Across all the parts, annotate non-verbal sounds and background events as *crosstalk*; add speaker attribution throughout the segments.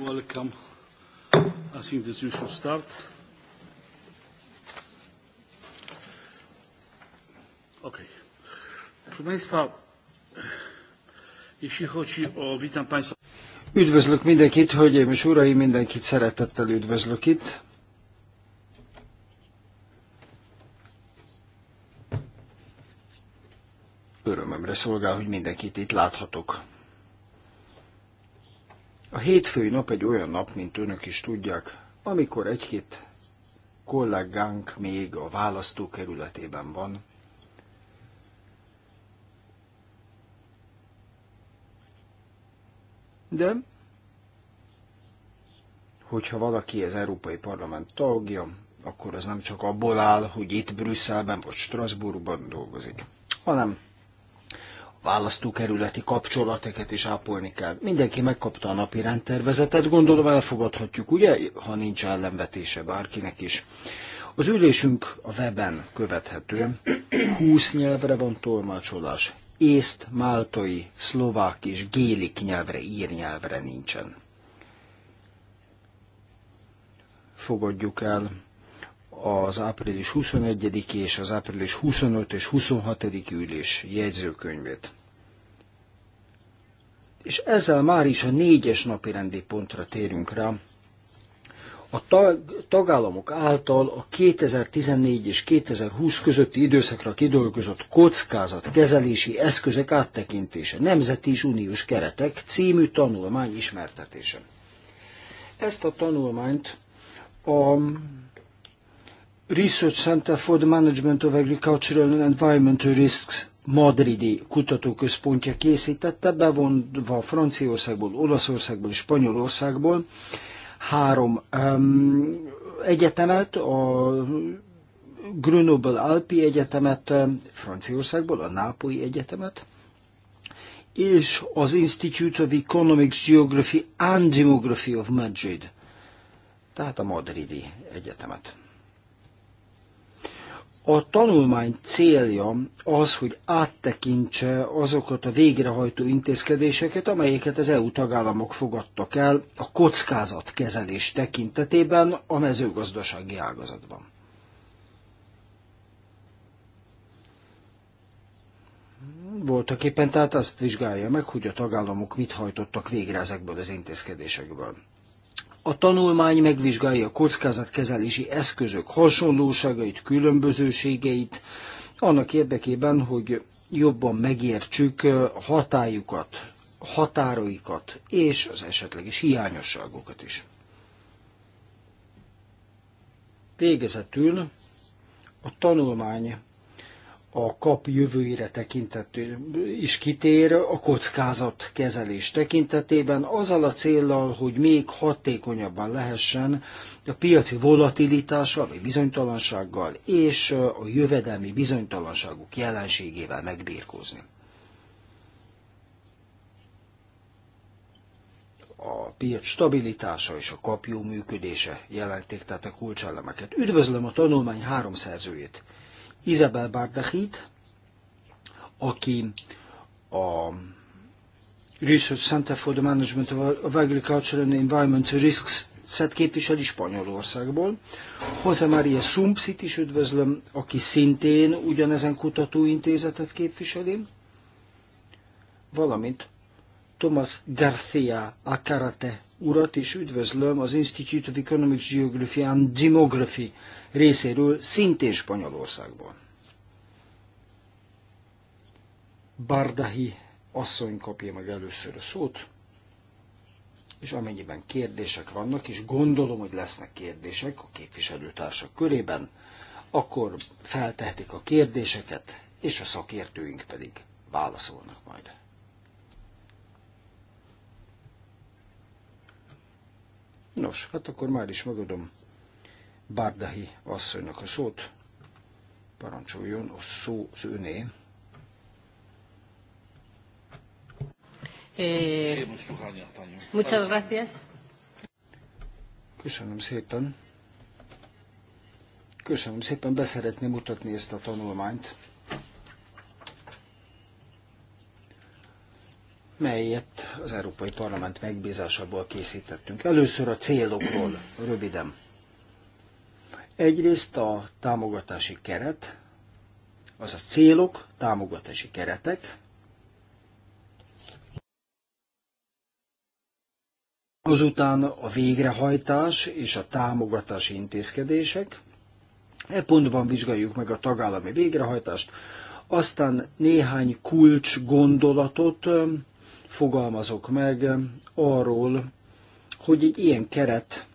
Speaker 1: Welcome. I think that you should start. Proszę Państwa, jeśli chodzi o... Witam Państwa.
Speaker 2: Üdvözlök mindenkit, hölgyeim és uraim, mindenkit szeretettel üdvözlök itt. Örömömre szolgál, hogy mindenkit itt láthatok. A hétfői nap egy olyan nap, mint önök is tudják, amikor egy-két kollégánk még a választókerületében van, de hogyha valaki az Európai Parlament tagja, akkor az nem csak abból áll, hogy itt Brüsszelben vagy Strasbourgban dolgozik, hanem választókerületi kapcsolatokat is ápolni kell. Mindenki megkapta a napi rendtervezetet, gondolom elfogadhatjuk, ugye, ha nincs ellenvetése bárkinek is. Az ülésünk a weben követhető, 20 nyelvre van tolmácsolás, észt, máltai, szlovák és gélik nyelvre, ír nyelvre nincsen. Fogadjuk el az április 21 és az április 25 és 26 ülés jegyzőkönyvét. És ezzel már is a négyes napi rendi pontra térünk rá. A tag, tagállamok által a 2014 és 2020 közötti időszakra kidolgozott kezelési eszközök áttekintése, nemzeti és uniós keretek című tanulmány ismertetése. Ezt a tanulmányt a Research Center for the Management of Agricultural and Environmental Risks madridi kutatóközpontja készítette, bevonva Franciaországból, Olaszországból és Spanyolországból három um, egyetemet, a Grenoble Alpi Egyetemet, Franciaországból a Nápolyi Egyetemet, és az Institute of Economics, Geography and Demography of Madrid, tehát a Madridi Egyetemet. A tanulmány célja az, hogy áttekintse azokat a végrehajtó intézkedéseket, amelyeket az EU tagállamok fogadtak el a kockázatkezelés tekintetében a mezőgazdasági ágazatban. Voltak éppen tehát azt vizsgálja meg, hogy a tagállamok mit hajtottak végre ezekből az intézkedésekből. A tanulmány megvizsgálja a kockázatkezelési eszközök hasonlóságait, különbözőségeit, annak érdekében, hogy jobban megértsük hatájukat, határaikat és az esetleges hiányosságokat is. Végezetül a tanulmány a kap jövőjére tekintett is kitér a kockázat kezelés tekintetében, azzal a céllal, hogy még hatékonyabban lehessen a piaci volatilitással, vagy bizonytalansággal és a jövedelmi bizonytalanságuk jelenségével megbírkozni. a piac stabilitása és a kapjó működése jelentik tehát a kulcselemeket. Üdvözlöm a tanulmány három szerzőjét, Isabel Bardachit, aki a Research Center for the Management of Agriculture and Environment Risks szed képviseli Spanyolországból. Jose Maria Sumpsit is üdvözlöm, aki szintén ugyanezen kutatóintézetet képviseli, valamint Thomas Garcia a karate urat, és üdvözlöm az Institute of Economics Geography and Demography részéről, szintén Spanyolországban. Bardahi asszony kapja meg először a szót, és amennyiben kérdések vannak, és gondolom, hogy lesznek kérdések a képviselőtársak körében, akkor feltehetik a kérdéseket, és a szakértőink pedig válaszolnak majd. Nos, hát akkor már is megadom Bárdahi asszonynak a szót. Parancsoljon, a szó az öné. Eh, muchas gracias. Köszönöm szépen. Köszönöm szépen, beszeretném mutatni ezt a tanulmányt. melyet az Európai Parlament megbízásából készítettünk. Először a célokról röviden. Egyrészt a támogatási keret, azaz célok, támogatási keretek, azután a végrehajtás és a támogatási intézkedések. E pontban vizsgáljuk meg a tagállami végrehajtást, aztán néhány kulcs gondolatot fogalmazok meg arról, hogy egy ilyen keret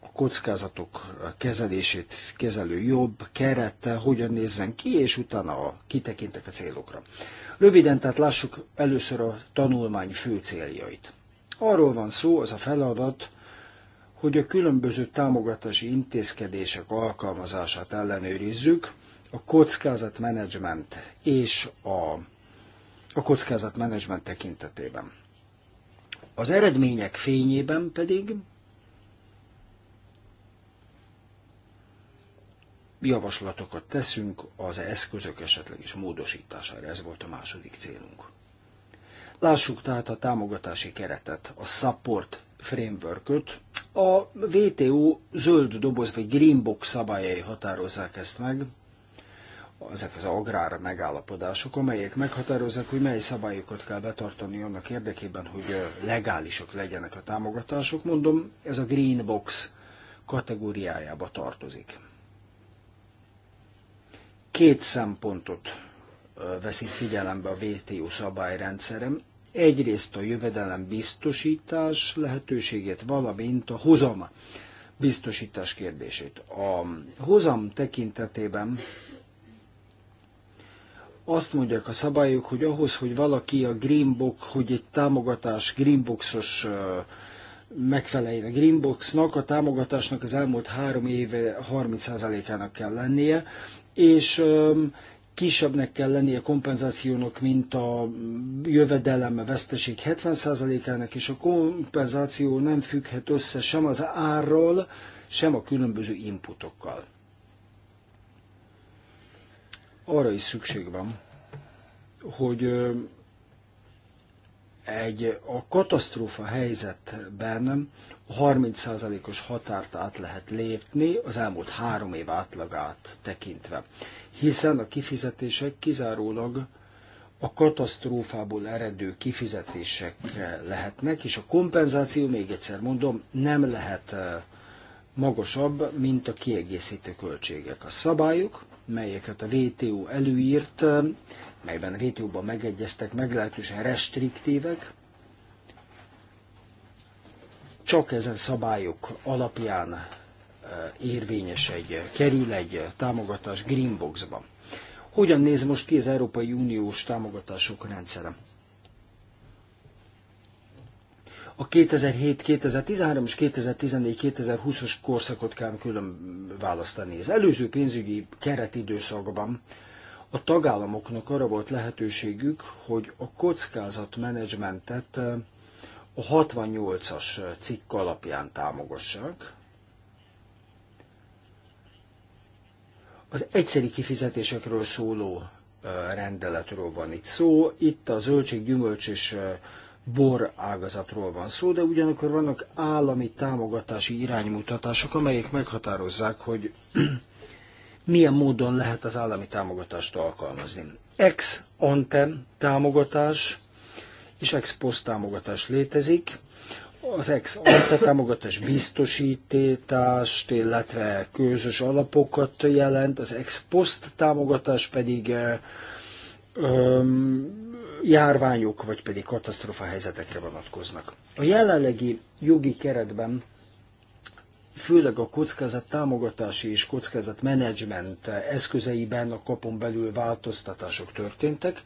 Speaker 2: a kockázatok kezelését kezelő jobb keret eh, hogyan nézzen ki, és utána a, kitekintek a célokra. Röviden, tehát lássuk először a tanulmány fő céljait. Arról van szó, az a feladat, hogy a különböző támogatási intézkedések alkalmazását ellenőrizzük, a kockázatmenedzsment és a a kockázatmenedzsment tekintetében. Az eredmények fényében pedig javaslatokat teszünk az eszközök esetleges módosítására. Ez volt a második célunk. Lássuk tehát a támogatási keretet, a support frameworköt. A WTO zöld doboz vagy green box szabályai határozzák ezt meg, ezek az agrár megállapodások, amelyek meghatározzák, hogy mely szabályokat kell betartani annak érdekében, hogy legálisak legyenek a támogatások. Mondom, ez a green box kategóriájába tartozik. Két szempontot veszik figyelembe a WTO szabályrendszerem. Egyrészt a jövedelem biztosítás lehetőségét, valamint a hozam biztosítás kérdését. A hozam tekintetében azt mondják a szabályok, hogy ahhoz, hogy valaki a Greenbox, hogy egy támogatás Greenboxos megfeleljen a Greenboxnak, a támogatásnak az elmúlt három éve 30%-ának kell lennie, és kisebbnek kell lennie a kompenzációnak, mint a jövedelem a veszteség 70%-ának, és a kompenzáció nem függhet össze sem az árral, sem a különböző inputokkal arra is szükség van, hogy egy a katasztrófa helyzetben 30%-os határt át lehet lépni az elmúlt három év átlagát tekintve, hiszen a kifizetések kizárólag a katasztrófából eredő kifizetések lehetnek, és a kompenzáció, még egyszer mondom, nem lehet magasabb, mint a kiegészítő költségek. A szabályok melyeket a WTO előírt, melyben a WTO-ban megegyeztek, meglehetősen restriktívek, csak ezen szabályok alapján eh, érvényes egy, kerül egy támogatás Greenboxba. Hogyan néz most ki az Európai Uniós támogatások rendszere? a 2007-2013 és 2014 2020 os korszakot kell külön választani. Az előző pénzügyi keretidőszakban a tagállamoknak arra volt lehetőségük, hogy a kockázatmenedzsmentet a 68-as cikk alapján támogassák. Az egyszeri kifizetésekről szóló rendeletről van itt szó. Itt a zöldség, gyümölcs és bor ágazatról van szó, de ugyanakkor vannak állami támogatási iránymutatások, amelyek meghatározzák, hogy *clears throat* milyen módon lehet az állami támogatást alkalmazni. Ex ante támogatás és ex post támogatás létezik. Az ex ante támogatás biztosítást, illetve közös alapokat jelent, az ex post támogatás pedig járványok, vagy pedig katasztrofa helyzetekre vonatkoznak. A jelenlegi jogi keretben főleg a kockázat támogatási és kockázat menedzsment eszközeiben a kapon belül változtatások történtek.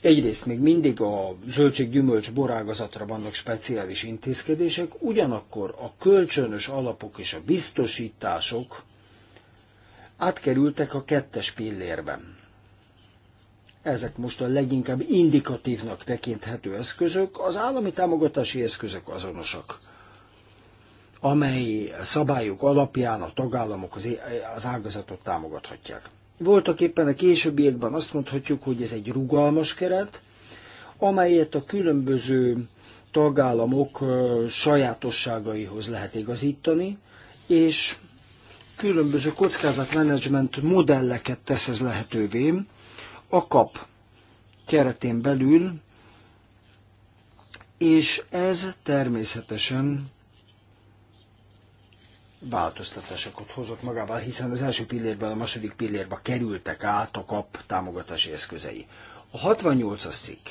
Speaker 2: Egyrészt még mindig a zöldség, gyümölcs, borágazatra vannak speciális intézkedések, ugyanakkor a kölcsönös alapok és a biztosítások átkerültek a kettes pillérben ezek most a leginkább indikatívnak tekinthető eszközök, az állami támogatási eszközök azonosak, amely szabályok alapján a tagállamok az, az ágazatot támogathatják. Voltak éppen a későbbiekben azt mondhatjuk, hogy ez egy rugalmas keret, amelyet a különböző tagállamok sajátosságaihoz lehet igazítani, és különböző kockázatmenedzsment modelleket tesz ez lehetővé, akap keretén belül, és ez természetesen változtatásokat hozott magával, hiszen az első pillérből a második pillérbe kerültek át a kap támogatási eszközei. A 68-as cikk,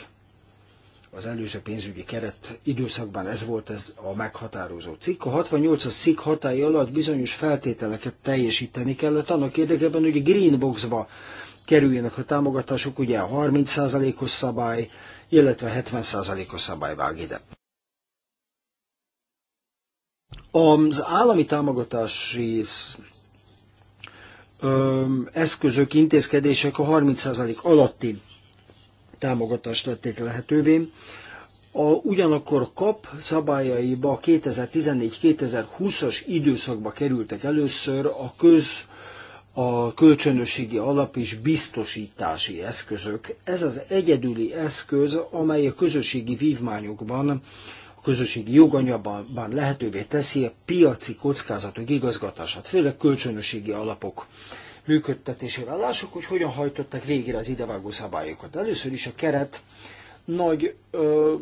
Speaker 2: az előző pénzügyi keret időszakban ez volt ez a meghatározó cikk. A 68-as cikk hatája alatt bizonyos feltételeket teljesíteni kellett annak érdekében, hogy a green boxba kerüljenek a támogatások, ugye a 30%-os szabály, illetve a 70%-os szabály vág ide. Az állami támogatási eszközök, intézkedések a 30% alatti támogatást tették lehetővé. A, ugyanakkor kap szabályaiba 2014-2020-as időszakba kerültek először a köz a kölcsönösségi alap és biztosítási eszközök. Ez az egyedüli eszköz, amely a közösségi vívmányokban, a közösségi joganyagban lehetővé teszi a piaci kockázatok igazgatását, főleg kölcsönösségi alapok működtetésével. Lássuk, hogy hogyan hajtották végre az idevágó szabályokat. Először is a keret nagy ö,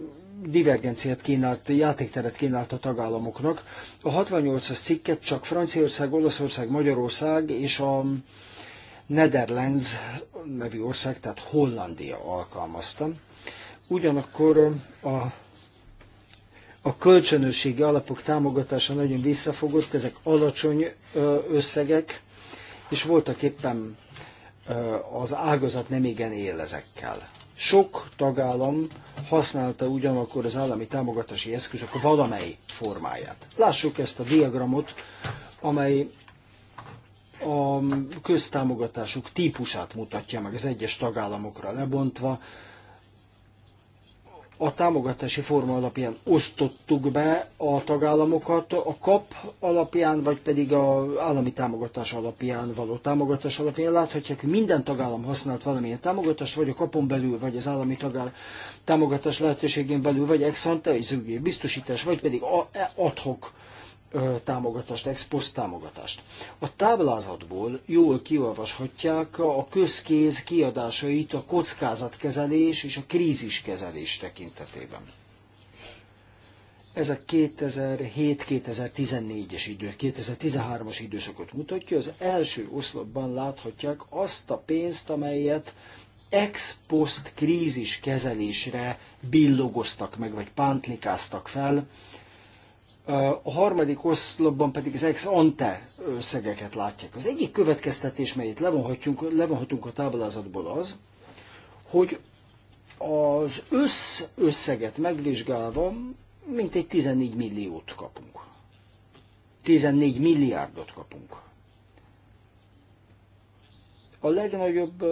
Speaker 2: divergenciát kínált, játékteret kínált a tagállamoknak. A 68-as cikket csak Franciaország, Olaszország, Magyarország és a Netherlands nevű ország, tehát Hollandia alkalmazta. Ugyanakkor a, a kölcsönösségi alapok támogatása nagyon visszafogott, ezek alacsony összegek, és voltak éppen az ágazat nem igen él ezekkel. Sok tagállam használta ugyanakkor az állami támogatási eszközök valamely formáját. Lássuk ezt a diagramot, amely a köztámogatások típusát mutatja meg az egyes tagállamokra lebontva, a támogatási forma alapján osztottuk be a tagállamokat, a kap alapján, vagy pedig a állami támogatás alapján való támogatás alapján. Láthatják, hogy minden tagállam használt valamilyen támogatást, vagy a kapon belül, vagy az állami tagáll támogatás lehetőségén belül, vagy ex ante, vagy biztosítás, vagy pedig e- adhok támogatást, ex-post támogatást. A táblázatból jól kiolvashatják a közkéz kiadásait a kockázatkezelés és a kríziskezelés tekintetében. Ez a 2007-2014-es idő, 2013-as időszakot mutatja. Az első oszlopban láthatják azt a pénzt, amelyet ex post kríziskezelésre billogoztak meg, vagy pántlikáztak fel a harmadik oszlopban pedig az ex ante összegeket látják. Az egyik következtetés, melyet levonhatunk, levonhatunk a táblázatból az, hogy az össz összeget megvizsgálva mintegy 14 milliót kapunk. 14 milliárdot kapunk. A legnagyobb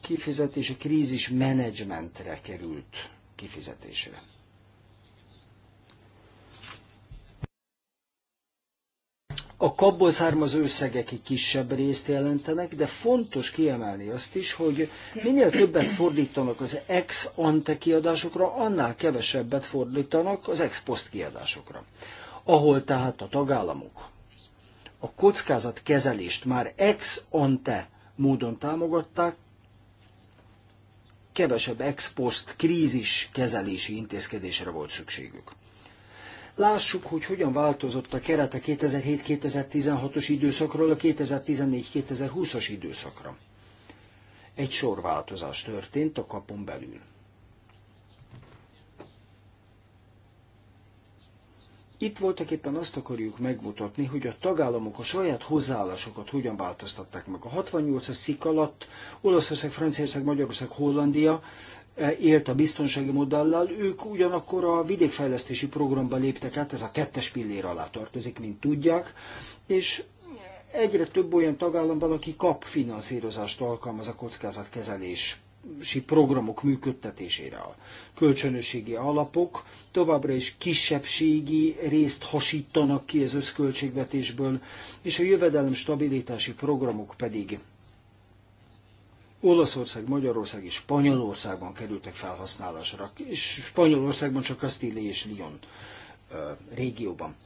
Speaker 2: kifizetés a krízis menedzsmentre került kifizetésre. a kapból származó összegek egy kisebb részt jelentenek, de fontos kiemelni azt is, hogy minél többet fordítanak az ex ante kiadásokra, annál kevesebbet fordítanak az ex post kiadásokra. Ahol tehát a tagállamok a kockázatkezelést már ex ante módon támogatták, kevesebb ex post krízis kezelési intézkedésre volt szükségük. Lássuk, hogy hogyan változott a keret a 2007-2016-os időszakról a 2014-2020-as időszakra. Egy sor változás történt a kapon belül. Itt voltak éppen azt akarjuk megmutatni, hogy a tagállamok a saját hozzáállásokat hogyan változtatták meg. A 68-as szik alatt Olaszország, Franciaország, Magyarország, Hollandia E, élt a biztonsági modellel, ők ugyanakkor a vidékfejlesztési programba léptek át, ez a kettes pillér alá tartozik, mint tudják, és egyre több olyan tagállam van, aki kap finanszírozást alkalmaz a kockázatkezelés programok működtetésére. A kölcsönösségi alapok továbbra is kisebbségi részt hasítanak ki az összköltségvetésből, és a jövedelem stabilitási programok pedig Olaszország, Magyarország és Spanyolországban kerültek felhasználásra, és Spanyolországban csak Castile és Lyon régióban.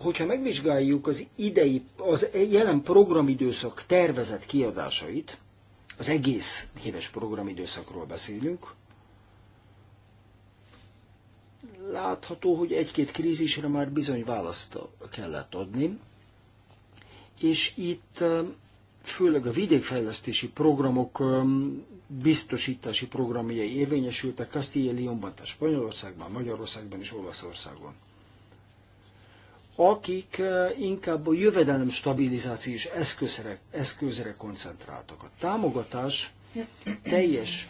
Speaker 2: Hogyha megvizsgáljuk az idei, az jelen programidőszak tervezett kiadásait, az egész éves programidőszakról beszélünk, látható, hogy egy-két krízisre már bizony választ kellett adni, és itt főleg a vidékfejlesztési programok biztosítási programjai érvényesültek Castilla Lyonban, tehát Spanyolországban, Magyarországban és Olaszországban. Akik inkább a jövedelem stabilizációs eszközre, eszközre koncentráltak. A támogatás teljes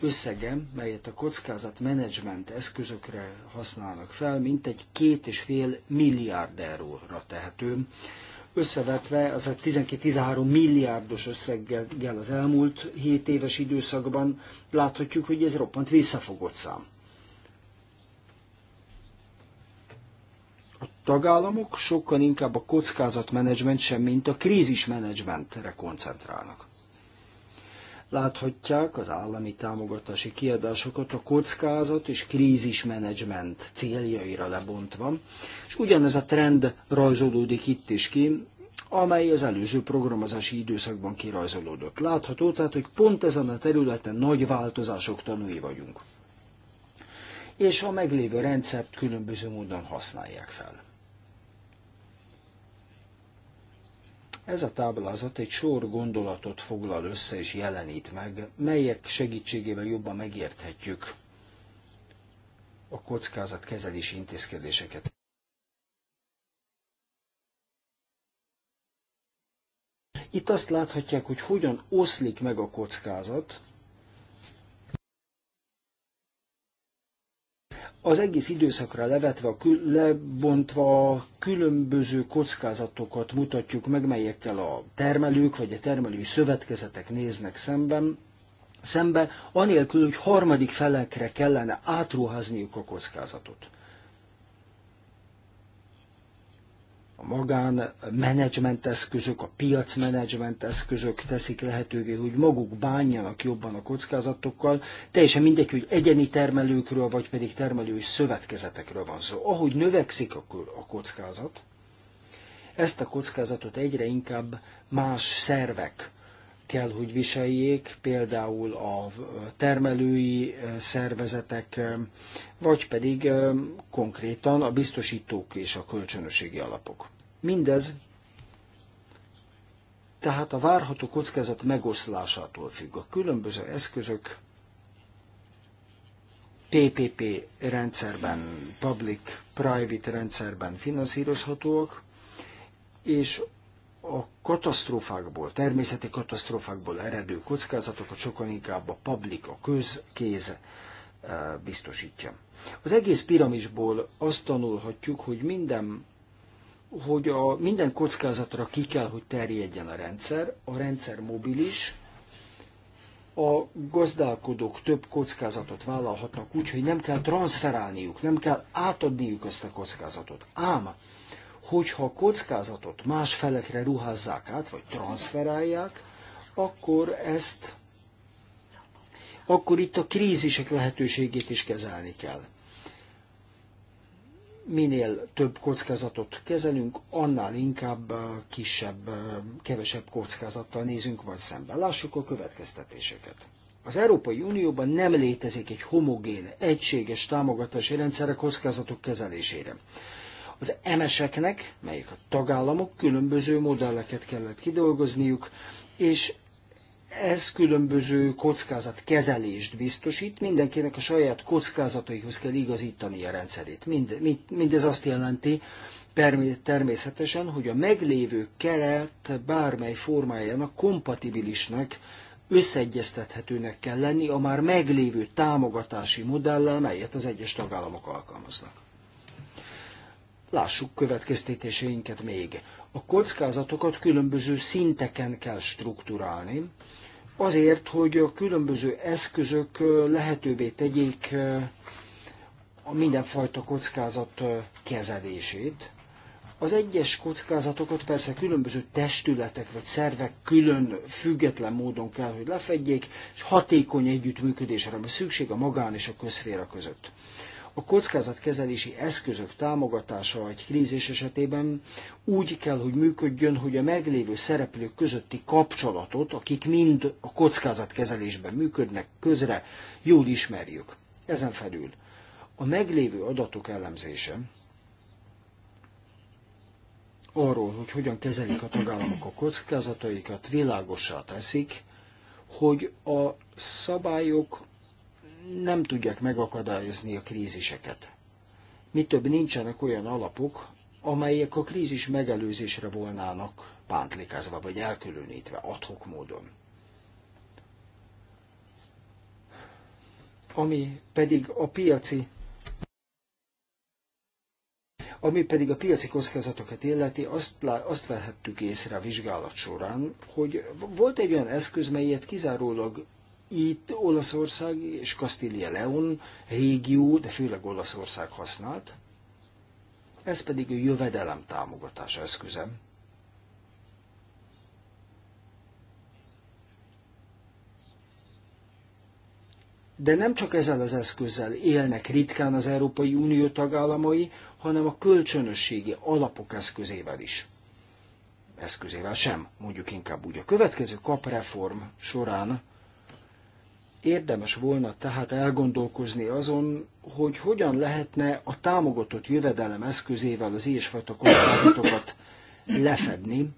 Speaker 2: összege, melyet a kockázat menedzsment eszközökre használnak fel, mintegy két és fél milliárd euróra tehető összevetve az a 12-13 milliárdos összeggel az elmúlt 7 éves időszakban láthatjuk, hogy ez roppant visszafogott szám. A tagállamok sokkal inkább a kockázatmenedzsment sem, mint a krízismenedzsmentre koncentrálnak. Láthatják az állami támogatási kiadásokat a kockázat és krízismenedzsment céljaira lebontva, és ugyanez a trend rajzolódik itt is ki, amely az előző programozási időszakban kirajzolódott. Látható tehát, hogy pont ezen a területen nagy változások tanúi vagyunk és a meglévő rendszert különböző módon használják fel. Ez a táblázat egy sor gondolatot foglal össze és jelenít meg, melyek segítségével jobban megérthetjük a kezelési intézkedéseket. Itt azt láthatják, hogy hogyan oszlik meg a kockázat, az egész időszakra levetve, lebontva különböző kockázatokat mutatjuk meg, melyekkel a termelők vagy a termelői szövetkezetek néznek szemben, szembe, anélkül, hogy harmadik felekre kellene átruházniuk a kockázatot. a magán menedzsment eszközök, a piac menedzsment eszközök teszik lehetővé, hogy maguk bánjanak jobban a kockázatokkal, teljesen mindegy, hogy egyeni termelőkről, vagy pedig termelői szövetkezetekről van szó. Ahogy növekszik a kockázat, ezt a kockázatot egyre inkább más szervek kell, hogy viseljék, például a termelői eh, szervezetek, eh, vagy pedig eh, konkrétan a biztosítók és a kölcsönösségi alapok. Mindez tehát a várható kockázat megoszlásától függ. A különböző eszközök PPP rendszerben, public-private rendszerben finanszírozhatóak, és a katasztrófákból, természeti katasztrófákból eredő kockázatokat sokan inkább a public, a közkéz eh, biztosítja. Az egész piramisból azt tanulhatjuk, hogy minden hogy a, minden kockázatra ki kell, hogy terjedjen a rendszer, a rendszer mobilis, a gazdálkodók több kockázatot vállalhatnak úgy, hogy nem kell transferálniuk, nem kell átadniuk ezt a kockázatot. Ám hogyha a kockázatot más felekre ruházzák át, vagy transferálják, akkor ezt, akkor itt a krízisek lehetőségét is kezelni kell. Minél több kockázatot kezelünk, annál inkább kisebb, kevesebb kockázattal nézünk majd szembe. Lássuk a következtetéseket. Az Európai Unióban nem létezik egy homogén, egységes támogatási rendszer a kockázatok kezelésére. Az MS-eknek, melyek a tagállamok, különböző modelleket kellett kidolgozniuk, és ez különböző kockázatkezelést biztosít, mindenkinek a saját kockázataihoz kell igazítani a rendszerét. Mind, mind, mindez azt jelenti, természetesen, hogy a meglévő keret bármely formájának kompatibilisnek, összeegyeztethetőnek kell lenni a már meglévő támogatási modellel, melyet az egyes tagállamok alkalmaznak. Lássuk következtetéseinket még. A kockázatokat különböző szinteken kell strukturálni, azért, hogy a különböző eszközök lehetővé tegyék a mindenfajta kockázat kezelését. Az egyes kockázatokat persze különböző testületek vagy szervek külön, független módon kell, hogy lefedjék, és hatékony együttműködésre van szükség a magán és a közféra között a kockázatkezelési eszközök támogatása egy krízis esetében úgy kell, hogy működjön, hogy a meglévő szereplők közötti kapcsolatot, akik mind a kockázatkezelésben működnek közre, jól ismerjük. Ezen felül a meglévő adatok elemzése arról, hogy hogyan kezelik a tagállamok a kockázataikat, világossá teszik, hogy a szabályok nem tudják megakadályozni a kríziseket. Mi több nincsenek olyan alapok, amelyek a krízis megelőzésre volnának pántlikázva vagy elkülönítve adhok módon. Ami pedig a piaci ami pedig a piaci kockázatokat illeti, azt, azt vehettük észre a vizsgálat során, hogy volt egy olyan eszköz, melyet kizárólag itt Olaszország és Kastília Leon régió, de főleg Olaszország használt. Ez pedig a jövedelem támogatás eszköze. De nem csak ezzel az eszközzel élnek ritkán az Európai Unió tagállamai, hanem a kölcsönösségi alapok eszközével is. Eszközével sem, mondjuk inkább úgy. A következő kapreform során Érdemes volna tehát elgondolkozni azon, hogy hogyan lehetne a támogatott jövedelem eszközével az ilyesfajta kockázatokat lefedni,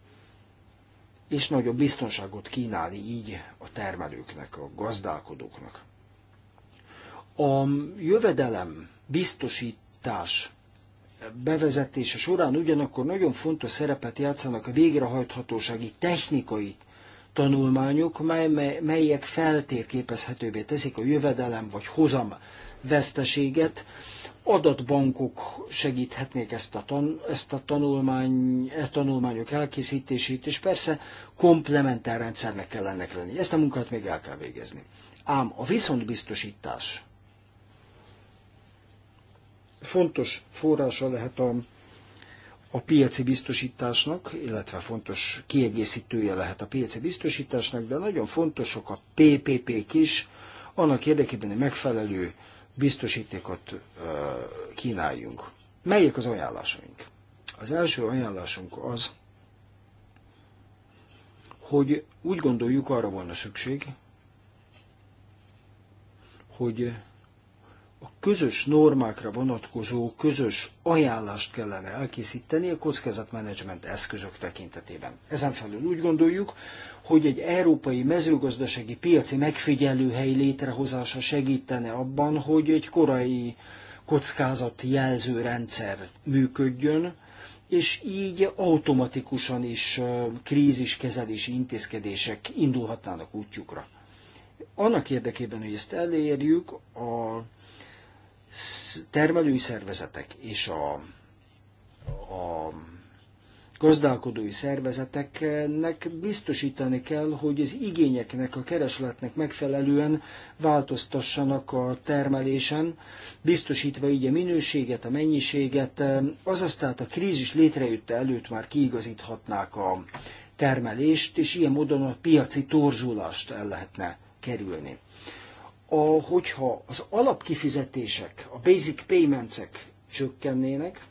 Speaker 2: és nagyobb biztonságot kínálni így a termelőknek, a gazdálkodóknak. A jövedelem biztosítás bevezetése során ugyanakkor nagyon fontos szerepet játszanak a végrehajthatósági technikai tanulmányok, mely, mely, melyek feltérképezhetővé teszik a jövedelem vagy hozam veszteséget. Adatbankok segíthetnék ezt a, tan, ezt a tanulmány, e tanulmányok elkészítését, és persze komplementár rendszernek kell ennek lenni. Ezt a munkát még el kell végezni. Ám a viszontbiztosítás fontos forrása lehet a a piaci biztosításnak, illetve fontos kiegészítője lehet a piaci biztosításnak, de nagyon fontosok a PPP-k is, annak érdekében, hogy megfelelő biztosítékot kínáljunk. Melyek az ajánlásaink? Az első ajánlásunk az, hogy úgy gondoljuk, arra volna szükség, hogy a közös normákra vonatkozó közös ajánlást kellene elkészíteni a kockázatmenedzsment eszközök tekintetében. Ezen felül úgy gondoljuk, hogy egy európai mezőgazdasági piaci megfigyelőhely létrehozása segítene abban, hogy egy korai kockázatjelző rendszer működjön, és így automatikusan is kríziskezelési intézkedések indulhatnának útjukra. Annak érdekében, hogy ezt elérjük, a termelői szervezetek és a, a gazdálkodói szervezeteknek biztosítani kell, hogy az igényeknek, a keresletnek megfelelően változtassanak a termelésen, biztosítva így a minőséget, a mennyiséget, eh, azaz tehát a krízis létrejötte előtt már kiigazíthatnák a termelést, és ilyen módon a piaci torzulást el lehetne kerülni a, hogyha az alapkifizetések, a basic payments csökkennének,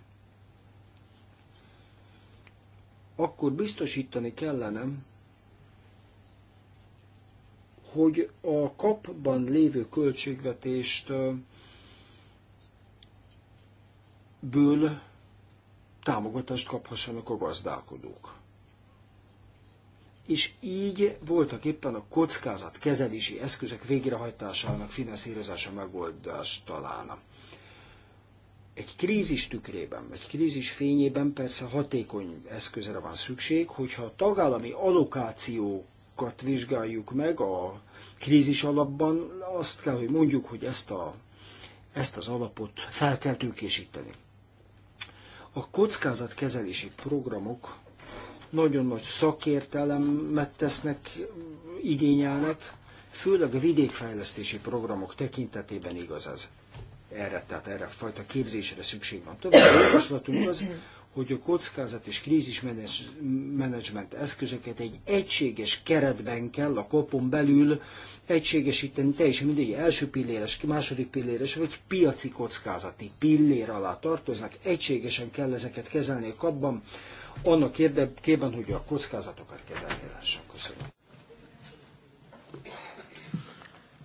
Speaker 2: akkor biztosítani kellene, hogy a kapban lévő költségvetést ből támogatást kaphassanak a gazdálkodók és így voltak éppen a kockázat kezelési eszközök végrehajtásának finanszírozása megoldást találna. Egy krízis tükrében, egy krízis fényében persze hatékony eszközre van szükség, hogyha a tagállami allokációkat vizsgáljuk meg a krízis alapban, azt kell, hogy mondjuk, hogy ezt, a, ezt az alapot fel kell tőkésíteni. A kockázatkezelési programok nagyon nagy szakértelemet tesznek, igényelnek, főleg a vidékfejlesztési programok tekintetében igaz ez. Erre, tehát erre a fajta képzésre szükség van. Több *coughs* javaslatunk az, hogy a kockázat és krízismenedzsment eszközöket egy egységes keretben kell a kopon belül egységesíteni, teljesen mindegy első pilléres, második pilléres, vagy piaci kockázati pillér alá tartoznak, egységesen kell ezeket kezelni a kapban, annak érdekében, hogy a kockázatokat kezelni lehessen. Köszönöm.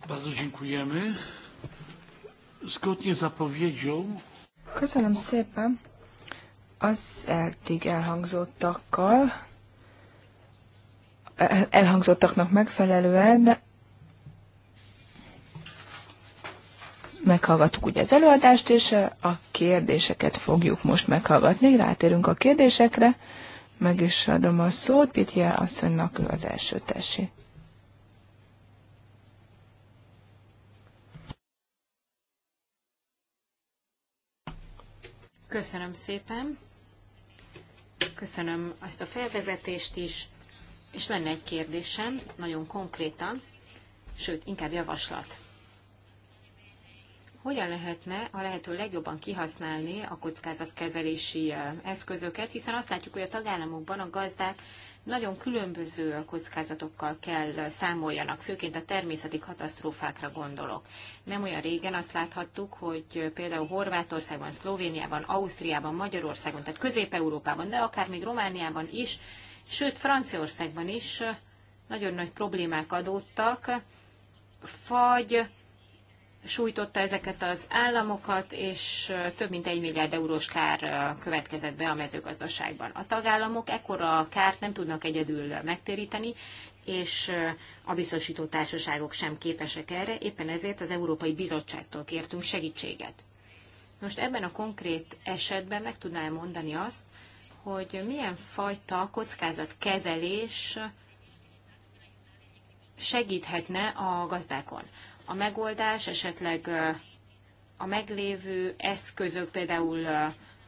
Speaker 1: Bardzo dziękujemy. Zgodnie z zapowiedzią...
Speaker 3: Köszönöm szépen. Az eltig elhangzottakkal elhangzottaknak megfelelően meghallgattuk ugye az előadást, és eh, a kérdéseket fogjuk most meghallgatni. Rátérünk a kérdésekre. Meg is adom a szót, Pitya asszonynak ő az első
Speaker 1: tessé.
Speaker 4: Köszönöm szépen. Köszönöm azt a felvezetést is, és lenne egy kérdésem, nagyon konkrétan, sőt, inkább javaslat hogyan lehetne a lehető legjobban kihasználni a kockázatkezelési eszközöket, hiszen azt látjuk, hogy a tagállamokban a gazdák nagyon különböző kockázatokkal kell számoljanak, főként a természeti katasztrófákra gondolok. Nem olyan régen azt láthattuk, hogy például Horvátországban, Szlovéniában, Ausztriában, Magyarországon, tehát Közép-Európában, de akár még Romániában is, sőt Franciaországban is nagyon nagy problémák adódtak, vagy sújtotta ezeket az államokat, és több mint egy milliárd eurós kár következett be a mezőgazdaságban. A tagállamok ekkora kárt nem tudnak egyedül megtéríteni, és a biztosító társaságok sem képesek erre, éppen ezért az Európai Bizottságtól kértünk segítséget. Most ebben a konkrét esetben meg tudná mondani azt, hogy milyen fajta kockázatkezelés segíthetne a gazdákon a megoldás, esetleg a meglévő eszközök, például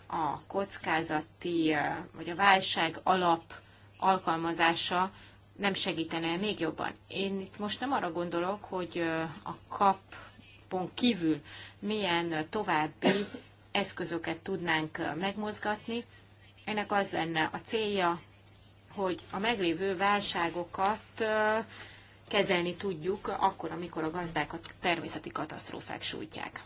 Speaker 4: a kockázati vagy a válság alap alkalmazása nem segítene még jobban. Én itt most nem arra gondolok, hogy a kapon kívül milyen további eszközöket tudnánk megmozgatni. Ennek az lenne a célja, hogy a meglévő válságokat kezelni tudjuk akkor, amikor a gazdákat természeti katasztrófák
Speaker 3: sújtják.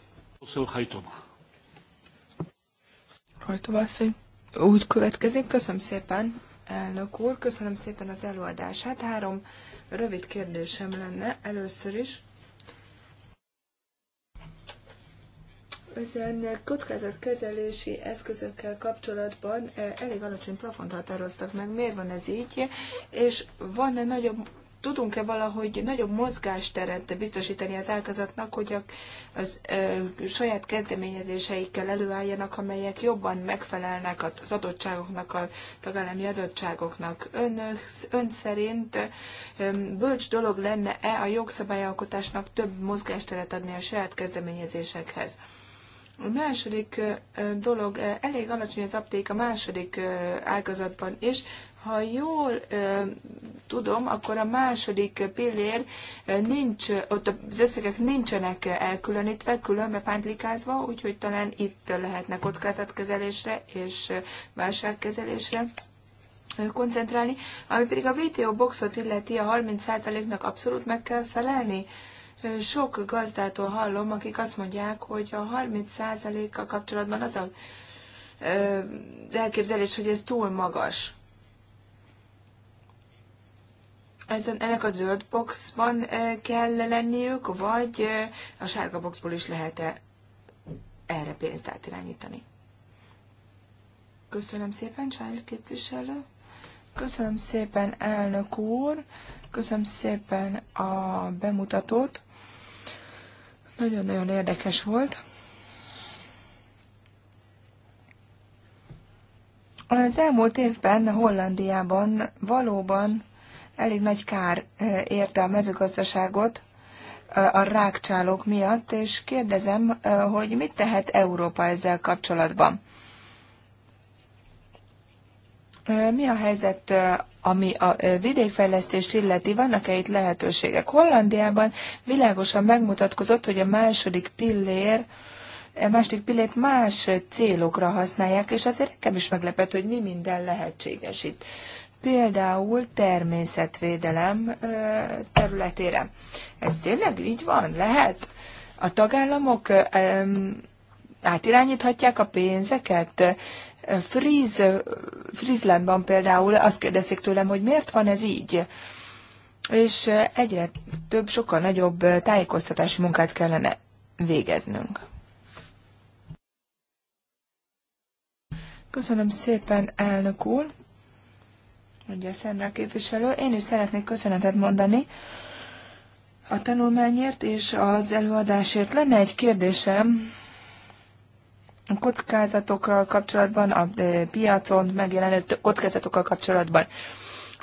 Speaker 3: Úgy következik. Köszönöm szépen, elnök úr. Köszönöm szépen az előadását. Három rövid kérdésem lenne először is. Ezen kockázatkezelési eszközökkel kapcsolatban eh, elég alacsony plafont határoztak meg. Miért van ez így? És van-e nagyobb tudunk-e valahogy nagyobb mozgásteret biztosítani az ágazatnak, hogy a, az ö, saját kezdeményezéseikkel előálljanak, amelyek jobban megfelelnek az adottságoknak, a tagállami adottságoknak. Ön, ön szerint ö, bölcs dolog lenne-e a jogszabályalkotásnak több mozgásteret adni a saját kezdeményezésekhez? A második dolog, elég alacsony az apték a második ágazatban is, ha jól ö, tudom, akkor a második pillér nincs, ott az összegek nincsenek elkülönítve, különbe pántlikázva, úgyhogy talán itt lehetne kockázatkezelésre és válságkezelésre koncentrálni. Ami pedig a VTO boxot illeti, a 30%-nak abszolút meg kell felelni. Sok gazdától hallom, akik azt mondják, hogy a 30%-kal kapcsolatban az a elképzelés, hogy ez túl magas. ezen, ennek a zöld boxban eh, kell lenniük, vagy eh, a sárga boxból is lehet-e erre pénzt átirányítani? Köszönöm szépen, Csájl képviselő. Köszönöm szépen, elnök úr. Köszönöm szépen a bemutatót. Nagyon-nagyon érdekes volt. Az elmúlt évben Hollandiában valóban Elég nagy kár érte a mezőgazdaságot a rákcsálók miatt, és kérdezem, hogy mit tehet Európa ezzel kapcsolatban. Mi a helyzet, ami a vidékfejlesztést illeti? Vannak-e itt lehetőségek? Hollandiában világosan megmutatkozott, hogy a második pillér, a második pillét más célokra használják, és azért nekem is meglepett, hogy mi minden lehetséges itt például természetvédelem területére. Ez tényleg így van? Lehet? A tagállamok átirányíthatják a pénzeket? Friz, Frizlandban például azt kérdezték tőlem, hogy miért van ez így? És egyre több, sokkal nagyobb tájékoztatási munkát kellene végeznünk. Köszönöm szépen, elnök úr! mondja a Szenra képviselő. Én is szeretnék köszönetet mondani a tanulmányért és az előadásért. Lenne egy kérdésem a kockázatokkal kapcsolatban, a e, piacon megjelenő kockázatokkal kapcsolatban.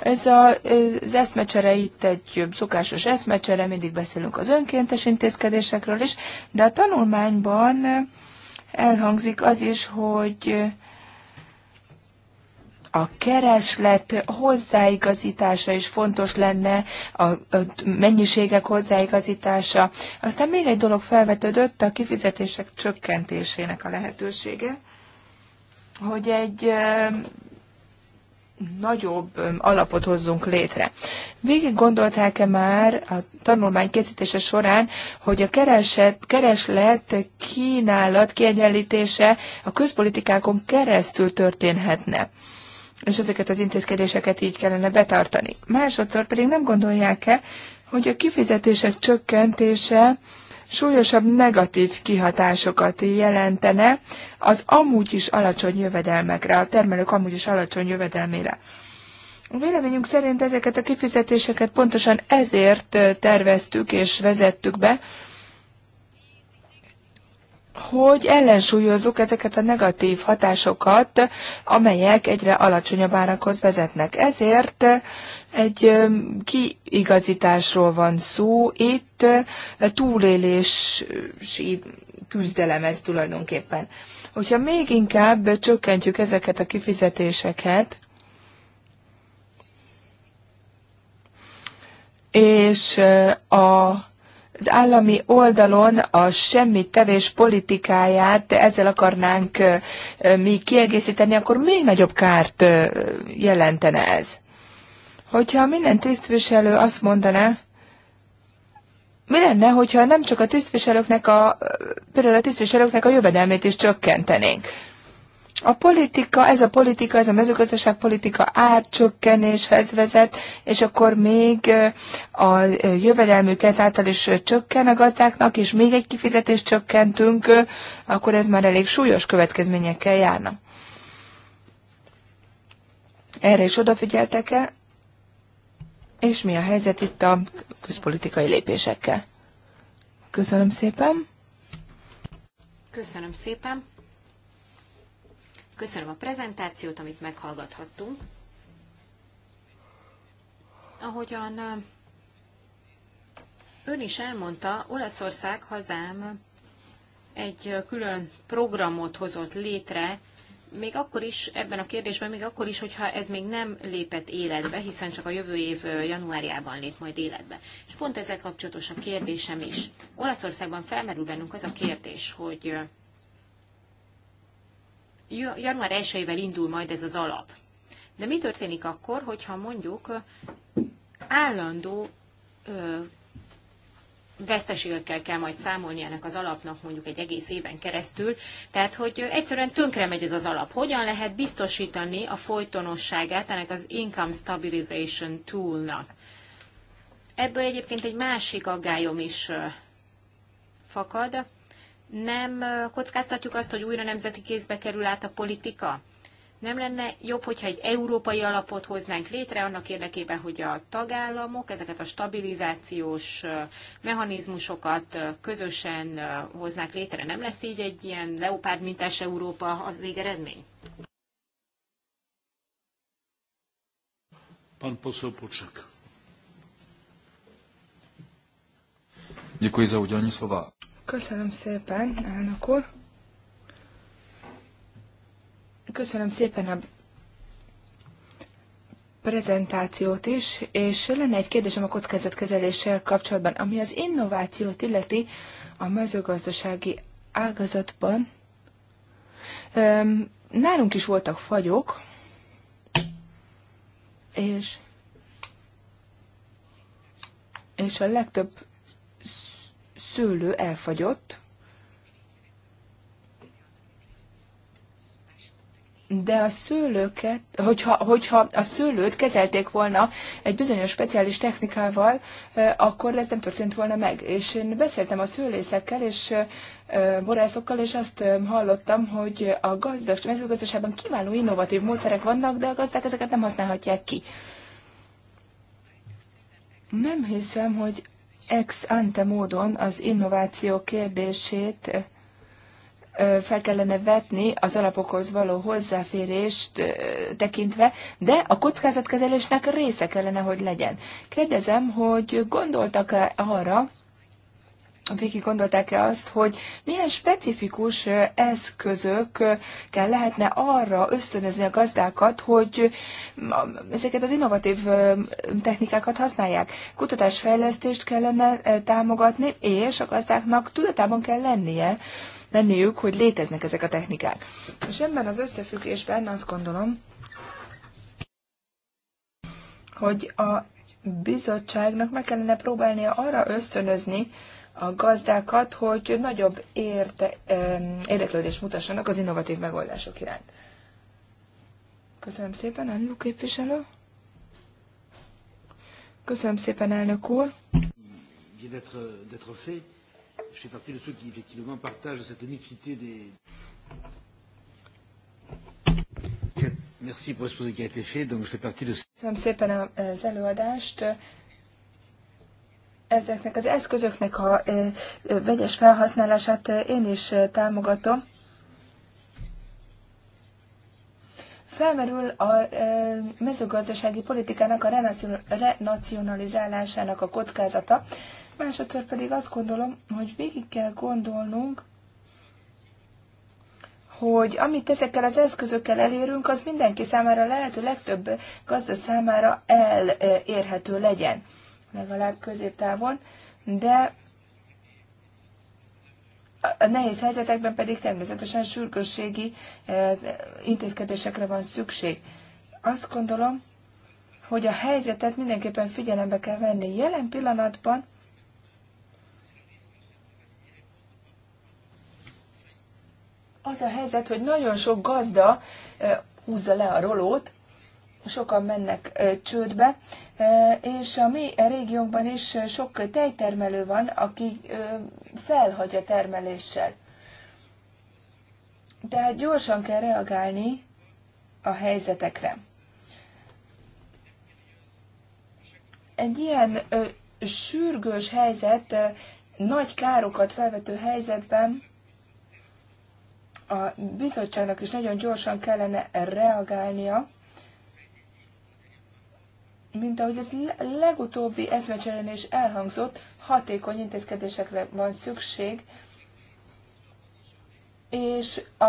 Speaker 3: Ez a, e, az eszmecsere itt egy szokásos eszmecsere, mindig beszélünk az önkéntes intézkedésekről is, de a tanulmányban elhangzik az is, hogy a kereslet hozzáigazítása is fontos lenne, a, a mennyiségek hozzáigazítása. Aztán még egy dolog felvetődött, a kifizetések csökkentésének a lehetősége, hogy egy nagyobb alapot hozzunk létre. Végig gondolták-e már a tanulmány készítése során, hogy a kereset, kereslet kínálat kiegyenlítése a közpolitikákon keresztül történhetne? és ezeket az intézkedéseket így kellene betartani. Másodszor pedig nem gondolják-e, hogy a kifizetések csökkentése súlyosabb negatív kihatásokat jelentene az amúgy is alacsony jövedelmekre, a termelők amúgy is alacsony jövedelmére. A véleményünk szerint ezeket a kifizetéseket pontosan ezért terveztük és vezettük be, hogy ellensúlyozzuk ezeket a negatív hatásokat, amelyek egyre alacsonyabb árakhoz vezetnek. Ezért egy kiigazításról van szó, itt túlélési küzdelem ez tulajdonképpen. Hogyha még inkább csökkentjük ezeket a kifizetéseket, és a az állami oldalon a semmi tevés politikáját ezzel akarnánk mi kiegészíteni, akkor még nagyobb kárt jelentene ez. Hogyha minden tisztviselő azt mondaná, mi lenne, hogyha nem csak a tisztviselőknek a, például a tisztviselőknek a jövedelmét is csökkentenénk? A politika, ez a politika, ez a mezőgazdaságpolitika árcsökkenéshez vezet, és akkor még a jövedelmük ezáltal is csökken a gazdáknak, és még egy kifizetést csökkentünk, akkor ez már elég súlyos következményekkel járna. Erre is odafigyeltek-e? És mi a helyzet itt a közpolitikai lépésekkel? Köszönöm szépen.
Speaker 4: Köszönöm szépen. Köszönöm a prezentációt, amit meghallgathattunk. Ahogyan ön is elmondta, Olaszország hazám egy külön programot hozott létre, még akkor is ebben a kérdésben, még akkor is, hogyha ez még nem lépett életbe, hiszen csak a jövő év januárjában lép majd életbe. És pont ezzel kapcsolatos a kérdésem is. Olaszországban felmerül bennünk az a kérdés, hogy január 1-ével indul majd ez az alap. De mi történik akkor, hogyha mondjuk állandó veszteségekkel kell majd számolni ennek az alapnak mondjuk egy egész éven keresztül, tehát hogy egyszerűen tönkre megy ez az alap. Hogyan lehet biztosítani a folytonosságát ennek az Income Stabilization Toolnak? Ebből egyébként egy másik aggályom is fakad, nem kockáztatjuk azt, hogy újra nemzeti kézbe kerül át a politika? Nem lenne jobb, hogyha egy európai alapot hoznánk létre annak érdekében, hogy a tagállamok ezeket a stabilizációs mechanizmusokat közösen hoznák létre? Nem lesz így egy ilyen leopárd mintás Európa a végeredmény?
Speaker 1: Pán Poszol Pocsak.
Speaker 2: Děkuji za udělení slova.
Speaker 3: Köszönöm szépen, elnök úr. Köszönöm szépen a prezentációt is, és lenne egy kérdésem a kockázatkezeléssel kapcsolatban, ami az innovációt illeti a mezőgazdasági ágazatban. Nálunk is voltak fagyok, és, és a legtöbb szőlő elfagyott, de a szőlőket, hogyha, hogyha a szőlőt kezelték volna egy bizonyos speciális technikával, akkor ez nem történt volna meg. És én beszéltem a szőlészekkel és borászokkal, és azt hallottam, hogy a gazdag, mezőgazdaságban kiváló innovatív módszerek vannak, de a gazdák ezeket nem használhatják ki. Nem hiszem, hogy ex ante módon az innováció kérdését fel kellene vetni az alapokhoz való hozzáférést tekintve, de a kockázatkezelésnek része kellene, hogy legyen. Kérdezem, hogy gondoltak-e arra, végig gondolták-e azt, hogy milyen specifikus eszközök kell lehetne arra ösztönözni a gazdákat, hogy ezeket az innovatív technikákat használják. Kutatásfejlesztést kellene támogatni, és a gazdáknak tudatában kell lennie, lenniük, hogy léteznek ezek a technikák. És ebben az összefüggésben azt gondolom, hogy a bizottságnak meg kellene próbálnia arra ösztönözni, a gazdákat, hogy nagyobb érte, érdeklődést mutassanak az innovatív megoldások iránt. Köszönöm szépen, Annu képviselő. Köszönöm szépen, elnök úr.
Speaker 1: Merci
Speaker 3: Köszönöm szépen eh, az előadást ezeknek az eszközöknek a vegyes felhasználását én is támogatom. Felmerül a mezőgazdasági politikának a renacionalizálásának a kockázata, másodszor pedig azt gondolom, hogy végig kell gondolnunk, hogy amit ezekkel az eszközökkel elérünk, az mindenki számára lehető legtöbb gazda számára elérhető legyen legalább középtávon, de a nehéz helyzetekben pedig természetesen sürgősségi eh, intézkedésekre van szükség. Azt gondolom, hogy a helyzetet mindenképpen figyelembe kell venni. Jelen pillanatban az a helyzet, hogy nagyon sok gazda eh, húzza le a rolót, sokan mennek csődbe, és a mi régiónkban is sok tejtermelő van, aki felhagy a termeléssel. Tehát gyorsan kell reagálni a helyzetekre. Egy ilyen ö, sürgős helyzet, ö, nagy károkat felvető helyzetben a bizottságnak is nagyon gyorsan kellene reagálnia, mint ahogy ez legutóbbi eszmecserén is elhangzott, hatékony intézkedésekre van szükség, és a,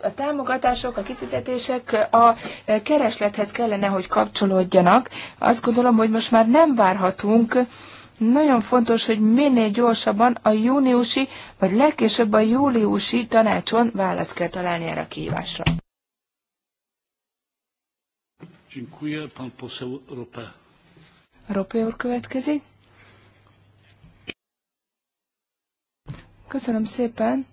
Speaker 3: a támogatások, a kifizetések a kereslethez kellene, hogy kapcsolódjanak. Azt gondolom, hogy most már nem várhatunk. Nagyon fontos, hogy minél gyorsabban a júniusi, vagy legkésőbb a júliusi tanácson választ kell találni erre a kihívásra.
Speaker 1: Dziękuję. Pan poseł úr
Speaker 3: Köszönöm szépen,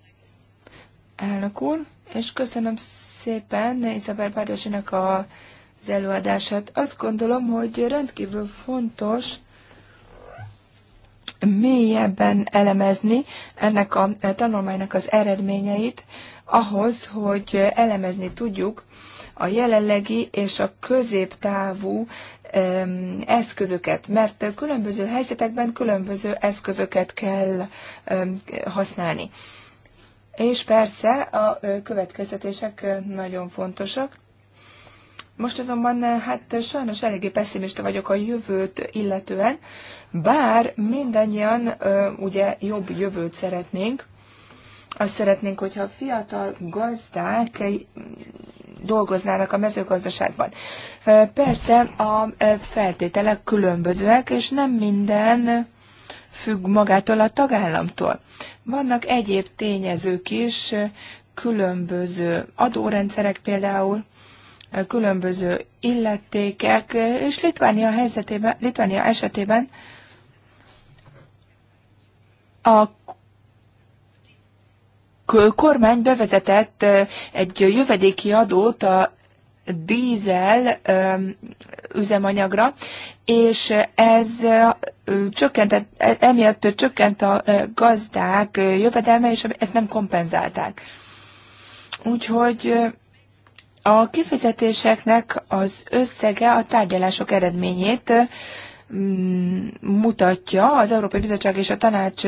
Speaker 3: elnök úr, és köszönöm szépen Izabel Bárdasinak a az előadását. Azt gondolom, hogy rendkívül fontos mélyebben elemezni ennek a tanulmánynak az eredményeit, ahhoz, hogy elemezni tudjuk a jelenlegi és a középtávú eszközöket, mert különböző helyzetekben különböző eszközöket kell használni. És persze a következtetések nagyon fontosak. Most azonban hát sajnos eléggé pessimista vagyok a jövőt illetően, bár mindannyian ugye jobb jövőt szeretnénk, azt szeretnénk, hogyha a fiatal gazdák dolgoznának a mezőgazdaságban. Persze a feltételek különbözőek, és nem minden függ magától a tagállamtól. Vannak egyéb tényezők is, különböző adórendszerek például, különböző illetékek, és Litvánia, helyzetében, Litvánia esetében a kormány bevezetett egy jövedéki adót a dízel üzemanyagra, és ez csökkentett, e, emiatt csökkent a gazdák jövedelme, és ezt nem kompenzálták. Úgyhogy a kifizetéseknek az összege a tárgyalások eredményét Mm, mutatja az Európai Bizottság és a tanács,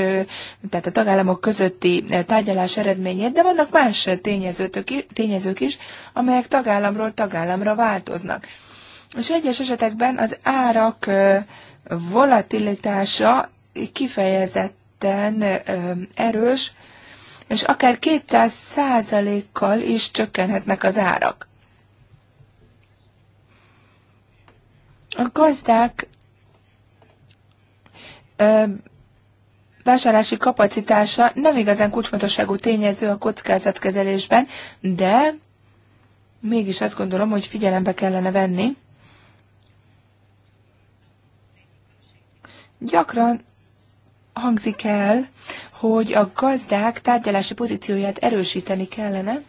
Speaker 3: tehát a tagállamok közötti tárgyalás eredményét, de vannak más tényezők is, amelyek tagállamról tagállamra változnak. És egyes esetekben az árak volatilitása kifejezetten erős, és akár 200 százalékkal is csökkenhetnek az árak. A gazdák vásárlási kapacitása nem igazán kulcsfontosságú tényező a kockázatkezelésben, de mégis azt gondolom, hogy figyelembe kellene venni. Gyakran hangzik el, hogy a gazdák tárgyalási pozícióját erősíteni kellene,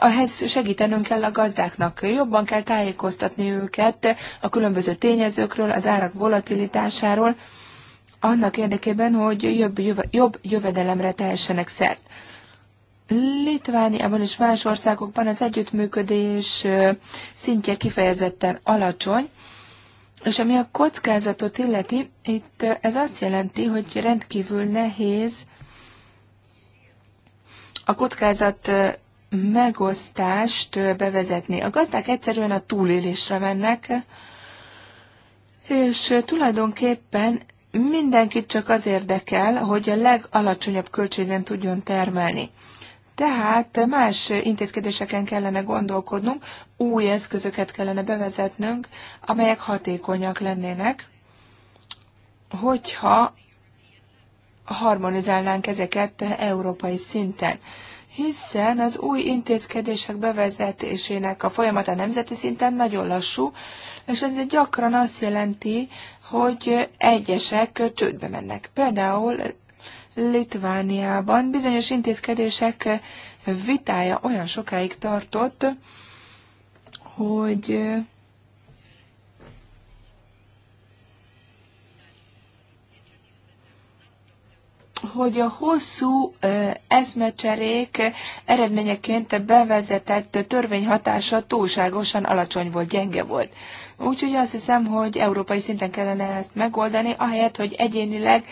Speaker 3: ehhez segítenünk kell a gazdáknak. Jobban kell tájékoztatni őket a különböző tényezőkről, az árak volatilitásáról, annak érdekében, hogy jobb, jobb jövedelemre tehessenek szert. Litvániában és más országokban az együttműködés szintje kifejezetten alacsony, és ami a kockázatot illeti, itt ez azt jelenti, hogy rendkívül nehéz a kockázat megosztást bevezetni. A gazdák egyszerűen a túlélésre mennek, és tulajdonképpen mindenkit csak az érdekel, hogy a legalacsonyabb költségen tudjon termelni. Tehát más intézkedéseken kellene gondolkodnunk, új eszközöket kellene bevezetnünk, amelyek hatékonyak lennének, hogyha harmonizálnánk ezeket európai szinten hiszen az új intézkedések bevezetésének a folyamata nemzeti szinten nagyon lassú, és ez gyakran azt jelenti, hogy egyesek csődbe mennek. Például Litvániában bizonyos intézkedések vitája olyan sokáig tartott, hogy hogy a hosszú eszmecserék eredményeként bevezetett törvény hatása túlságosan alacsony volt, gyenge volt. Úgyhogy azt hiszem, hogy európai szinten kellene ezt megoldani, ahelyett, hogy egyénileg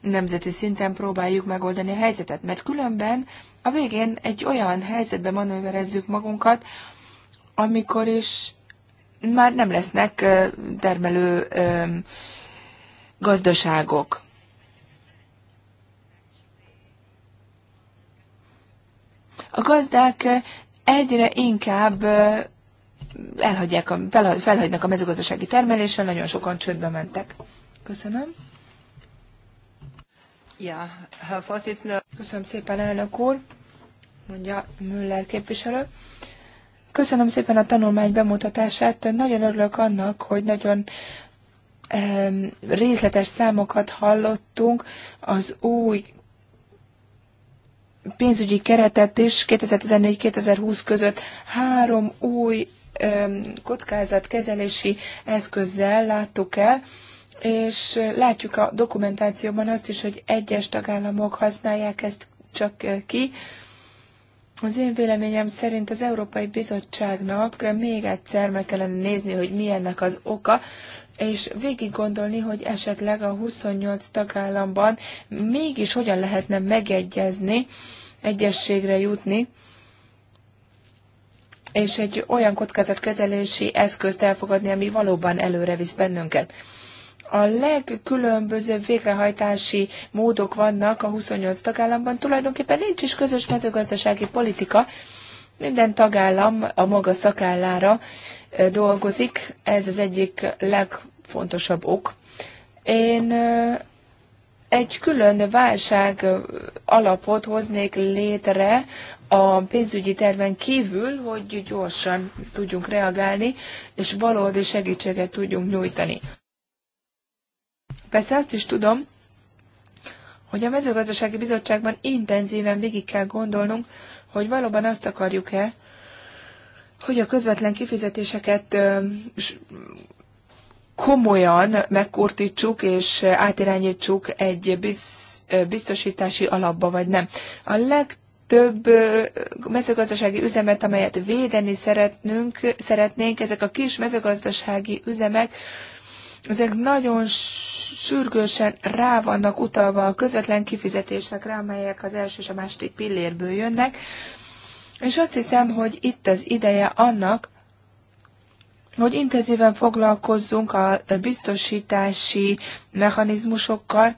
Speaker 3: nemzeti szinten próbáljuk megoldani a helyzetet, mert különben a végén egy olyan helyzetbe manőverezzük magunkat, amikor is már nem lesznek termelő gazdaságok. A gazdák eh, egyre inkább eh, elhagyják a, felhagynak a mezőgazdasági termeléssel, nagyon sokan csődbe mentek. Köszönöm. Ja, Köszönöm szépen, elnök úr, mondja Müller képviselő. Köszönöm szépen a tanulmány bemutatását. Nagyon örülök annak, hogy nagyon részletes számokat hallottunk az új pénzügyi keretet is 2014-2020 között három új kockázatkezelési eszközzel láttuk el, és látjuk a dokumentációban azt is, hogy egyes tagállamok használják ezt csak ki. Az én véleményem szerint az Európai Bizottságnak még egyszer meg kellene nézni, hogy milyennek az oka, és végig gondolni, hogy esetleg a 28 tagállamban mégis hogyan lehetne megegyezni, egyességre jutni, és egy olyan kockázatkezelési eszközt elfogadni, ami valóban előre visz bennünket. A legkülönbözőbb végrehajtási módok vannak a 28 tagállamban, tulajdonképpen nincs is közös mezőgazdasági politika, minden tagállam a maga szakállára dolgozik, ez az egyik legfontosabb ok. Én egy külön válság alapot hoznék létre a pénzügyi terven kívül, hogy gyorsan tudjunk reagálni, és valódi segítséget tudjunk nyújtani. Persze azt is tudom, hogy a mezőgazdasági bizottságban intenzíven végig kell gondolnunk, hogy valóban azt akarjuk-e, hogy a közvetlen kifizetéseket komolyan megkurtítsuk és átirányítsuk egy biztosítási alapba, vagy nem. A legtöbb mezőgazdasági üzemet, amelyet védeni szeretnünk, szeretnénk, ezek a kis mezőgazdasági üzemek ezek nagyon sürgősen rá vannak utalva a közvetlen kifizetésekre, amelyek az első és a második pillérből jönnek, és azt hiszem, hogy itt az ideje annak, hogy intenzíven foglalkozzunk a biztosítási mechanizmusokkal,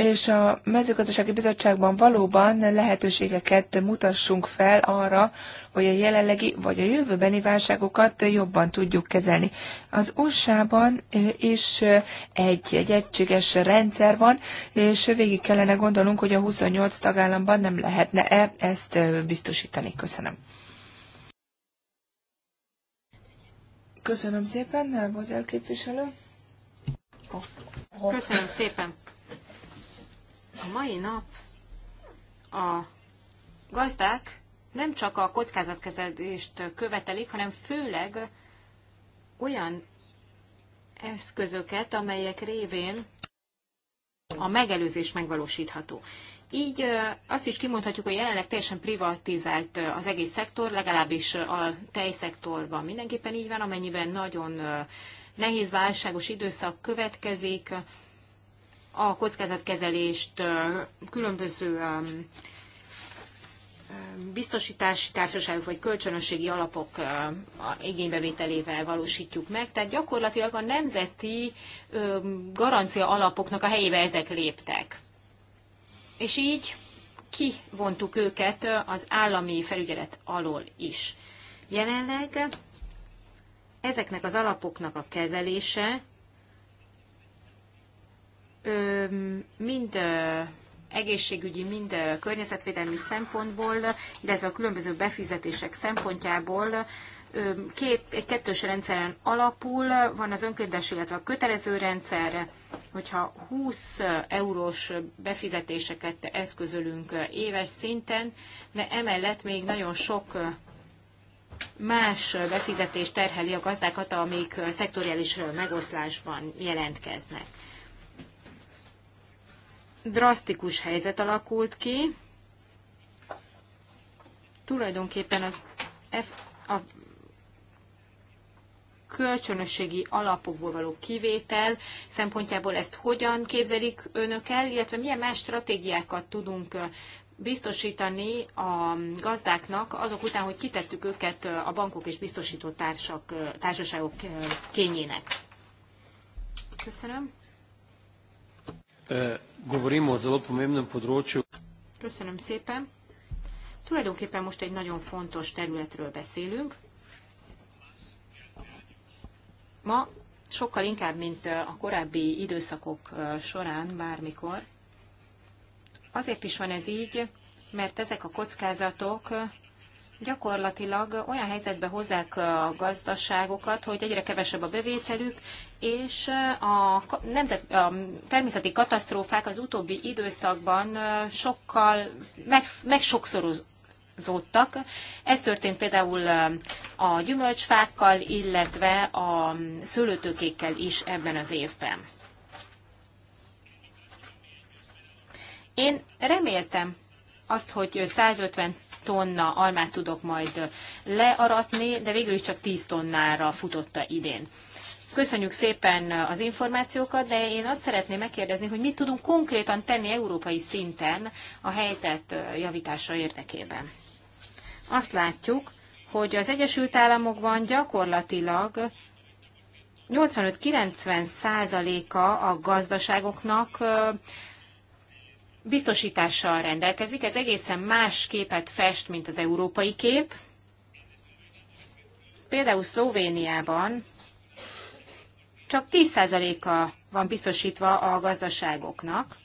Speaker 3: és a mezőgazdasági bizottságban valóban lehetőségeket mutassunk fel arra, hogy a jelenlegi vagy a jövőbeni válságokat jobban tudjuk kezelni. Az USA-ban is egy, egy egységes rendszer van, és végig kellene gondolnunk, hogy a 28 tagállamban nem lehetne-e ezt biztosítani. Köszönöm. Köszönöm szépen, Bozel képviselő.
Speaker 4: Köszönöm szépen. A mai nap a gazdák nem csak a kockázatkezelést követelik, hanem főleg olyan eszközöket, amelyek révén a megelőzés megvalósítható. Így azt is kimondhatjuk, hogy jelenleg teljesen privatizált az egész szektor, legalábbis a tejszektorban mindenképpen így van, amennyiben nagyon nehéz válságos időszak következik, a kockázatkezelést különböző biztosítási társaságok vagy kölcsönösségi alapok igénybevételével valósítjuk meg. Tehát gyakorlatilag a nemzeti garancia alapoknak a helyébe ezek léptek. És így kivontuk őket az állami felügyelet alól is. Jelenleg ezeknek az alapoknak a kezelése mind egészségügyi, mind környezetvédelmi szempontból, illetve a különböző befizetések szempontjából két, egy kettős rendszeren alapul, van az önkéntes, illetve a kötelező rendszer, hogyha 20 eurós befizetéseket eszközölünk éves szinten, de emellett még nagyon sok más befizetés terheli a gazdákat, amik szektoriális megoszlásban jelentkeznek drasztikus helyzet alakult ki. Tulajdonképpen az F, a kölcsönösségi alapokból való kivétel szempontjából ezt hogyan képzelik önök el, illetve milyen más stratégiákat tudunk biztosítani a gazdáknak azok után, hogy kitettük őket a bankok és biztosító társak, társaságok kényének. Köszönöm.
Speaker 1: Eh, govorimo o zelo pomembnem področju.
Speaker 4: Köszönöm szépen. Tulajdonképpen most egy nagyon fontos területről beszélünk. Ma sokkal inkább, mint eh, a korábbi időszakok eh, során bármikor. Azért is van ez így, mert ezek a kockázatok gyakorlatilag olyan helyzetbe hozzák a gazdaságokat, hogy egyre kevesebb a bevételük, és a, nemzet, a természeti katasztrófák az utóbbi időszakban sokkal meg, Zódtak. Ez történt például a gyümölcsfákkal, illetve a szőlőtőkékkel is ebben az évben. Én reméltem azt, hogy 150 tonna almát tudok majd learatni, de végül is csak 10 tonnára futotta idén. Köszönjük szépen az információkat, de én azt szeretném megkérdezni, hogy mit tudunk konkrétan tenni európai szinten a helyzet javítása érdekében. Azt látjuk, hogy az Egyesült Államokban gyakorlatilag 85-90 százaléka a gazdaságoknak biztosítással rendelkezik. Ez egészen más képet fest, mint az európai kép. Például Szlovéniában csak 10%-a van biztosítva a gazdaságoknak.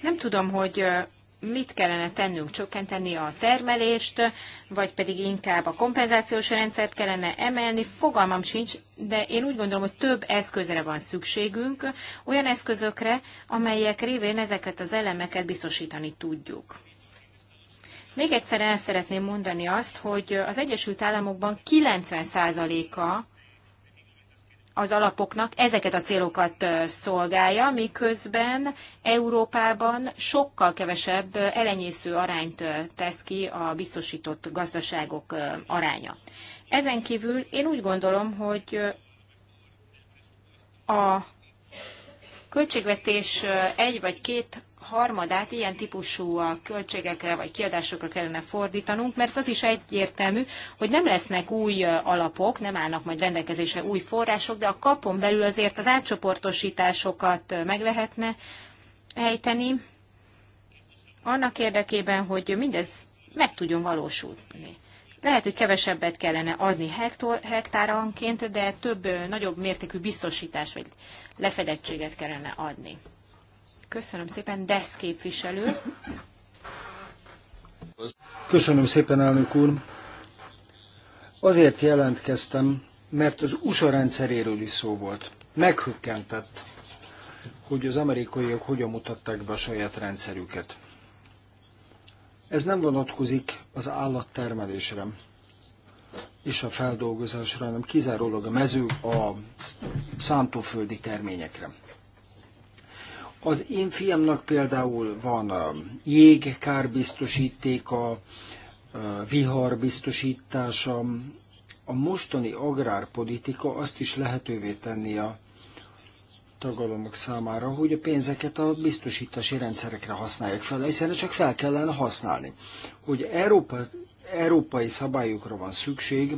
Speaker 4: Nem tudom, hogy mit kellene tennünk, csökkenteni a termelést, vagy pedig inkább a kompenzációs rendszert kellene emelni, fogalmam sincs, de én úgy gondolom, hogy több eszközre van szükségünk, olyan eszközökre, amelyek révén ezeket az elemeket biztosítani tudjuk. Még egyszer el szeretném mondani azt, hogy az Egyesült Államokban 90%-a az alapoknak ezeket a célokat szolgálja, miközben Európában sokkal kevesebb elenyésző arányt tesz ki a biztosított gazdaságok aránya. Ezen kívül én úgy gondolom, hogy a költségvetés egy vagy két harmadát ilyen típusú a költségekre vagy kiadásokra kellene fordítanunk, mert az is egyértelmű, hogy nem lesznek új alapok, nem állnak majd rendelkezésre új források, de a kapon belül azért az átcsoportosításokat meg lehetne helyteni annak érdekében, hogy mindez meg tudjon valósulni. Lehet, hogy kevesebbet kellene adni hektor, hektáranként, de több, nagyobb mértékű biztosítás vagy lefedettséget kellene adni. Köszönöm szépen, DESZ képviselő.
Speaker 2: Köszönöm szépen, elnök úr. Azért jelentkeztem, mert az USA rendszeréről is szó volt. Meghökkentett, hogy az amerikaiak hogyan mutatták be a saját rendszerüket. Ez nem vonatkozik az állattermelésre és a feldolgozásra, hanem kizárólag a mező a szántóföldi terményekre. Az én fiamnak például van a jégkárbiztosítéka, a viharbiztosítása. A mostani agrárpolitika azt is lehetővé tenni a tagalomok számára, hogy a pénzeket a biztosítási rendszerekre használják fel, hiszen csak fel kellene használni. Hogy Európa, európai szabályokra van szükség,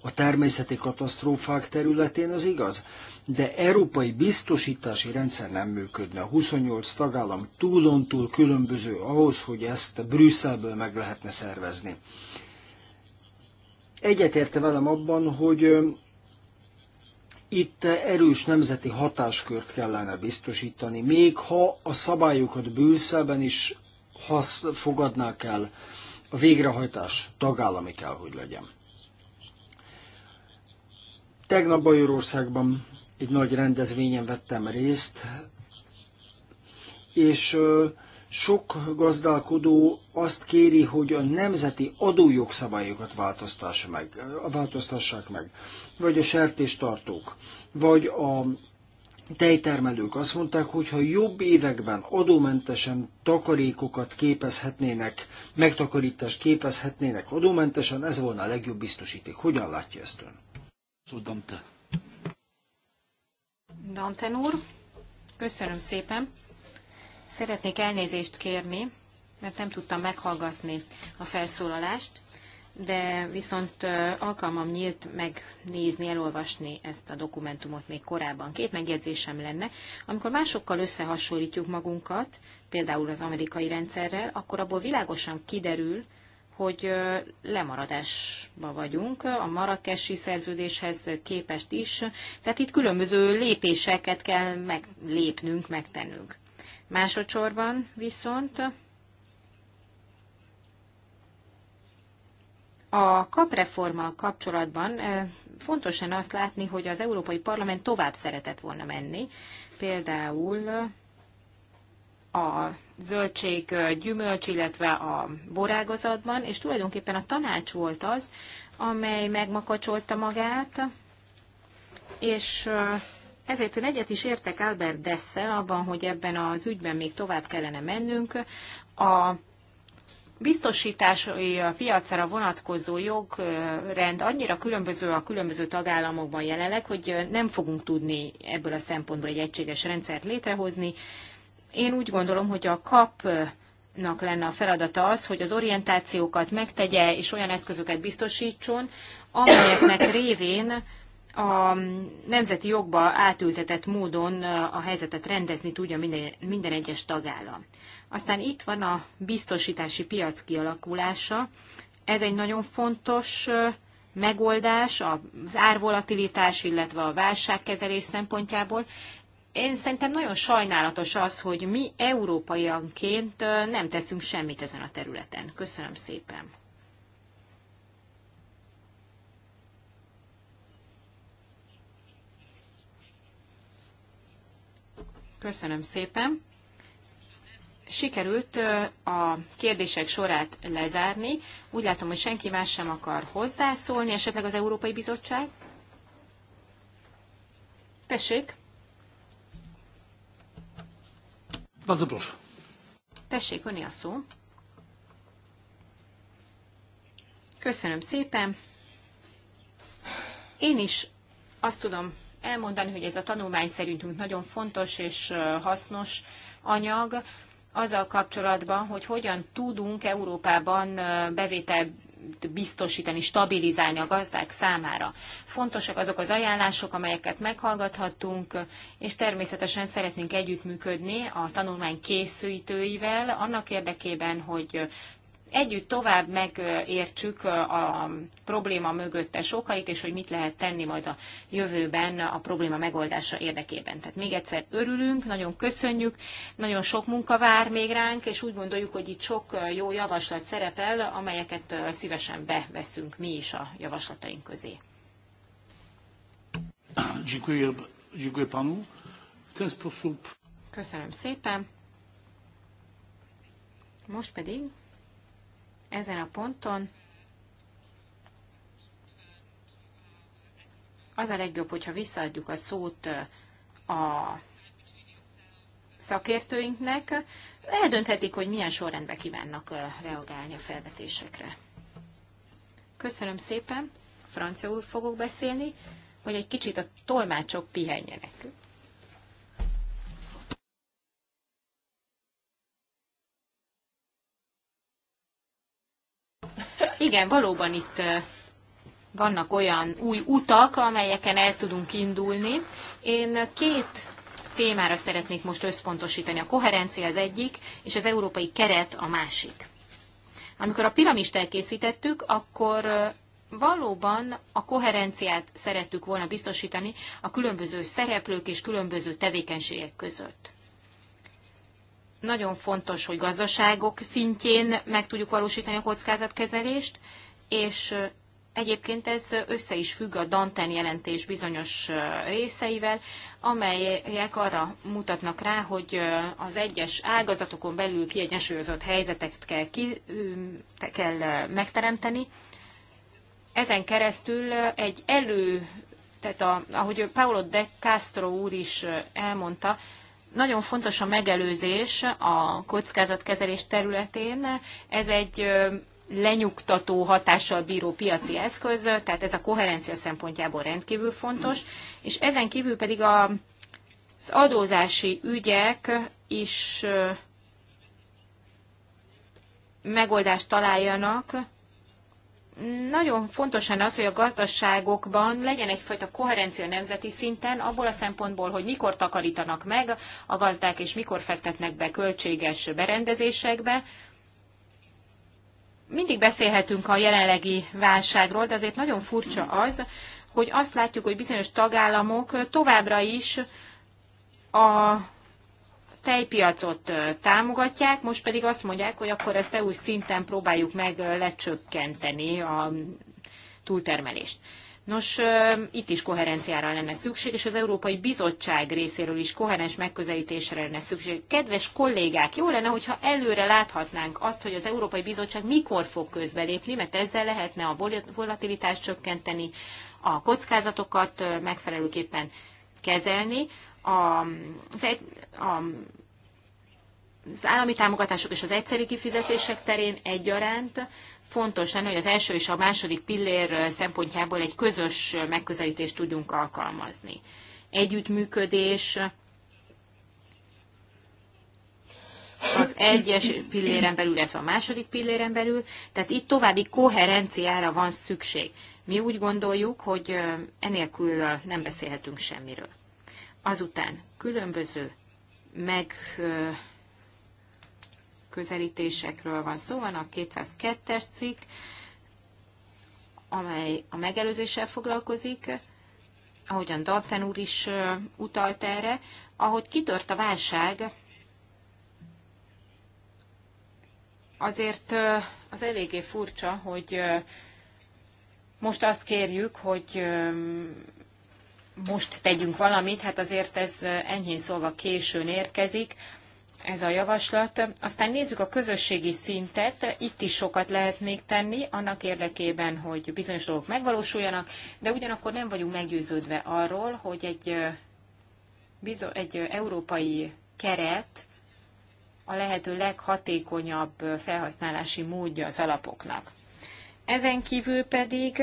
Speaker 2: a természeti katasztrófák területén az igaz de európai biztosítási rendszer nem működne. A 28 tagállam túlontúl különböző ahhoz, hogy ezt Brüsszelből meg lehetne szervezni. Egyetérte velem abban, hogy itt erős nemzeti hatáskört kellene biztosítani, még ha a szabályokat Brüsszelben is hasz, fogadnák el, a végrehajtás tagállami kell, hogy legyen. Tegnap Bajorországban egy nagy rendezvényen vettem részt, és sok gazdálkodó azt kéri, hogy a nemzeti adójogszabályokat változtass meg, változtassák meg, vagy a sertéstartók, vagy a tejtermelők azt mondták, hogy ha jobb években adómentesen takarékokat képezhetnének, megtakarítást képezhetnének adómentesen, ez volna a legjobb biztosíték. Hogyan látja ezt ön? Tudom szóval te.
Speaker 4: Danten úr. Köszönöm szépen. Szeretnék elnézést kérni, mert nem tudtam meghallgatni a felszólalást, de viszont alkalmam nyílt megnézni, elolvasni ezt a dokumentumot még korábban. Két megjegyzésem lenne. Amikor másokkal összehasonlítjuk magunkat, például az amerikai rendszerrel, akkor abból világosan kiderül, hogy lemaradásba vagyunk a marakesi szerződéshez képest is, tehát itt különböző lépéseket kell meglépnünk, megtennünk. Másodszorban viszont A kapreforma kapcsolatban fontosan azt látni, hogy az Európai Parlament tovább szeretett volna menni, például a zöldség, gyümölcs, illetve a borágazatban, és tulajdonképpen a tanács volt az, amely megmakacsolta magát, és ezért én egyet is értek Albert Dessel abban, hogy ebben az ügyben még tovább kellene mennünk. A biztosítási piacra vonatkozó jogrend annyira különböző a különböző tagállamokban jelenleg, hogy nem fogunk tudni ebből a szempontból egy egységes rendszert létrehozni, én úgy gondolom, hogy a kap nak lenne a feladata az, hogy az orientációkat megtegye, és olyan eszközöket biztosítson, amelyeknek révén a nemzeti jogba átültetett módon a helyzetet rendezni tudja minden, minden egyes tagállam. Aztán itt van a biztosítási piac kialakulása. Ez egy nagyon fontos megoldás az árvolatilitás, illetve a válságkezelés szempontjából, én szerintem nagyon sajnálatos az, hogy mi európaianként nem teszünk semmit ezen a területen. Köszönöm szépen. Köszönöm szépen. Sikerült a kérdések sorát lezárni. Úgy látom, hogy senki más sem akar hozzászólni, esetleg az Európai Bizottság. Tessék! Bardzo proszę. Tessék, a szó. Köszönöm szépen. Én is azt tudom elmondani, hogy ez a tanulmány szerintünk nagyon fontos és hasznos anyag azzal kapcsolatban, hogy hogyan tudunk Európában bevétel biztosítani, stabilizálni a gazdák számára. Fontosak azok az ajánlások, amelyeket meghallgathattunk, és természetesen szeretnénk együttműködni a tanulmány készítőivel annak érdekében, hogy együtt tovább megértsük a probléma mögöttes okait, és hogy mit lehet tenni majd a jövőben a probléma megoldása érdekében. Tehát még egyszer örülünk, nagyon köszönjük, nagyon sok munka vár még ránk, és úgy gondoljuk, hogy itt sok jó javaslat szerepel, amelyeket szívesen beveszünk mi is a javaslataink közé. Köszönöm szépen. Most pedig ezen a ponton az a legjobb, hogyha visszaadjuk a szót a szakértőinknek, eldönthetik, hogy milyen sorrendben kívánnak reagálni a felvetésekre. Köszönöm szépen, úr fogok beszélni, hogy egy kicsit a tolmácsok pihenjenek. Igen, valóban itt vannak olyan új utak, amelyeken el tudunk indulni. Én két témára szeretnék most összpontosítani. A koherencia az egyik, és az európai keret a másik. Amikor a piramist elkészítettük, akkor valóban a koherenciát szerettük volna biztosítani a különböző szereplők és különböző tevékenységek között nagyon fontos, hogy gazdaságok szintjén meg tudjuk valósítani a kockázatkezelést, és egyébként ez össze is függ a Danten jelentés bizonyos részeivel, amelyek arra mutatnak rá, hogy az egyes ágazatokon belül kiegyensúlyozott helyzeteket kell, ki, kell megteremteni. Ezen keresztül egy elő, tehát a, ahogy Paolo de Castro úr is elmondta, nagyon fontos a megelőzés a kockázatkezelés területén. Ez egy lenyugtató hatással bíró piaci eszköz, tehát ez a koherencia szempontjából rendkívül fontos, és ezen kívül pedig a, az adózási ügyek is megoldást találjanak nagyon fontos lenne az, hogy a gazdaságokban legyen egyfajta koherencia nemzeti szinten, abból a szempontból, hogy mikor takarítanak meg a gazdák, és mikor fektetnek be költséges berendezésekbe. Mindig beszélhetünk a jelenlegi válságról, de azért nagyon furcsa az, hogy azt látjuk, hogy bizonyos tagállamok továbbra is a tejpiacot támogatják, most pedig azt mondják, hogy akkor ezt EU szinten próbáljuk meg lecsökkenteni a túltermelést. Nos, itt is koherenciára lenne szükség, és az Európai Bizottság részéről is koherens megközelítésre lenne szükség. Kedves kollégák, jó lenne, hogyha előre láthatnánk azt, hogy az Európai Bizottság mikor fog közbelépni, mert ezzel lehetne a volatilitást csökkenteni, a kockázatokat megfelelőképpen kezelni, az, egy, a, az állami támogatások és az egyszeri kifizetések terén egyaránt fontos lenne, hogy az első és a második pillér szempontjából egy közös megközelítést tudjunk alkalmazni. Együttműködés, az egyes pilléren belül, illetve a második pilléren belül, tehát itt további koherenciára van szükség. Mi úgy gondoljuk, hogy enélkül nem beszélhetünk semmiről. Azután különböző megközelítésekről van szó, van a 202-es cikk, amely a megelőzéssel foglalkozik, ahogyan Danten úr is utalt erre, ahogy kitört a válság, azért az eléggé furcsa, hogy most azt kérjük, hogy most tegyünk valamit, hát azért ez enyhén szólva későn érkezik, ez a javaslat. Aztán nézzük a közösségi szintet, itt is sokat lehet még tenni, annak érdekében, hogy bizonyos dolgok megvalósuljanak, de ugyanakkor nem vagyunk meggyőződve arról, hogy egy, egy európai keret a lehető leghatékonyabb felhasználási módja az alapoknak. Ezen kívül pedig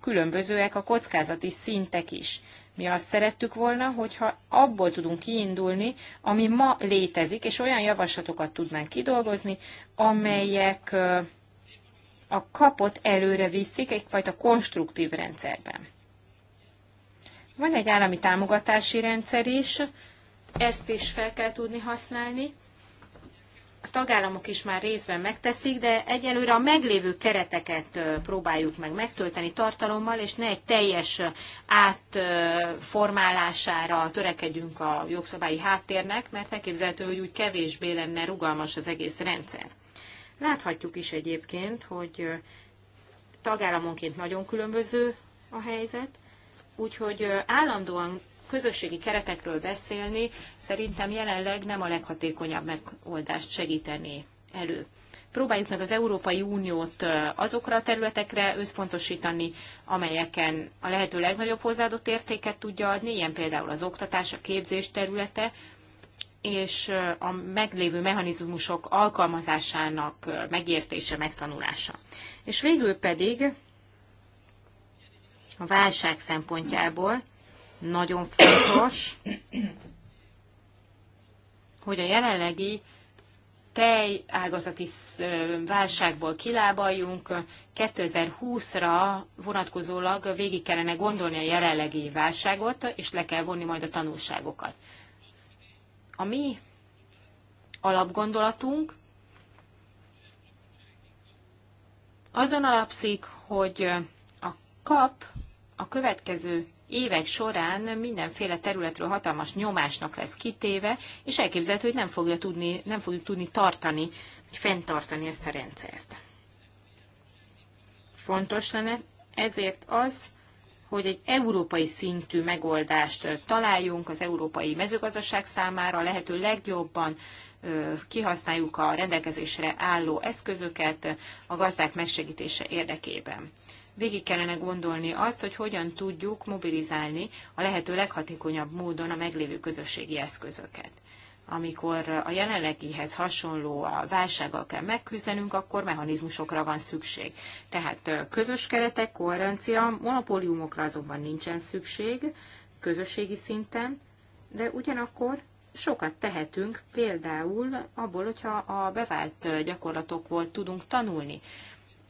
Speaker 4: különbözőek a kockázati szintek is. Mi azt szerettük volna, hogyha abból tudunk kiindulni, ami ma létezik, és olyan javaslatokat tudnánk kidolgozni, amelyek a kapot előre viszik egyfajta konstruktív rendszerben. Van egy állami támogatási rendszer is, ezt is fel kell tudni használni, tagállamok is már részben megteszik, de egyelőre a meglévő kereteket próbáljuk meg megtölteni tartalommal, és ne egy teljes átformálására törekedjünk a jogszabályi háttérnek, mert elképzelhető, hogy úgy kevésbé lenne rugalmas az egész rendszer. Láthatjuk is egyébként, hogy tagállamonként nagyon különböző a helyzet, úgyhogy állandóan közösségi keretekről beszélni szerintem jelenleg nem a leghatékonyabb megoldást segíteni elő. Próbáljuk meg az Európai Uniót azokra a területekre összpontosítani, amelyeken a lehető legnagyobb hozzáadott értéket tudja adni, ilyen például az oktatás, a képzés területe, és a meglévő mechanizmusok alkalmazásának megértése, megtanulása. És végül pedig a válság szempontjából nagyon fontos, hogy a jelenlegi tej ágazati válságból kilábaljunk, 2020-ra vonatkozólag végig kellene gondolni a jelenlegi válságot, és le kell vonni majd a tanulságokat. A mi alapgondolatunk azon alapszik, hogy a kap a következő évek során mindenféle területről hatalmas nyomásnak lesz kitéve, és elképzelhető, hogy nem fogja tudni, nem fogjuk tudni tartani, hogy fenntartani ezt a rendszert. Fontos lenne ezért az, hogy egy európai szintű megoldást találjunk az európai mezőgazdaság számára, lehető legjobban kihasználjuk a rendelkezésre álló eszközöket a gazdák megsegítése érdekében végig kellene gondolni azt, hogy hogyan tudjuk mobilizálni a lehető leghatékonyabb módon a meglévő közösségi eszközöket. Amikor a jelenlegihez hasonló a válsággal kell megküzdenünk, akkor mechanizmusokra van szükség. Tehát közös keretek, koherencia, monopóliumokra azonban nincsen szükség közösségi szinten, de ugyanakkor sokat tehetünk, például abból, hogyha a bevált gyakorlatokból tudunk tanulni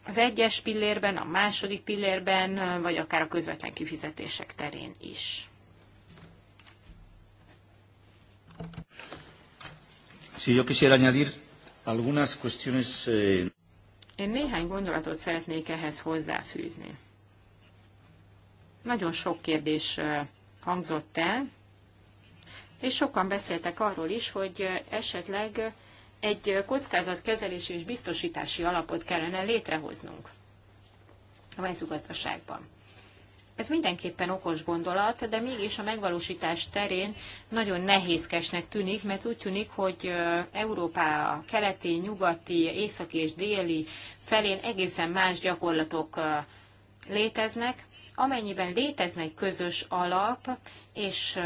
Speaker 4: az egyes pillérben, a második pillérben, vagy akár a közvetlen kifizetések terén is.
Speaker 1: Si yo quisiera añadir algunas cuestiones... Eh,
Speaker 4: Én néhány gondolatot szeretnék ehhez hozzáfűzni. Nagyon sok kérdés eh, hangzott el, és sokan beszéltek arról is, hogy eh, esetleg egy kockázatkezelési és biztosítási alapot kellene létrehoznunk a mezőgazdaságban. Ez mindenképpen okos gondolat, de mégis a megvalósítás terén nagyon nehézkesnek tűnik, mert úgy tűnik, hogy Európa keleti, nyugati, északi és déli felén egészen más gyakorlatok léteznek. Amennyiben léteznek közös alap, és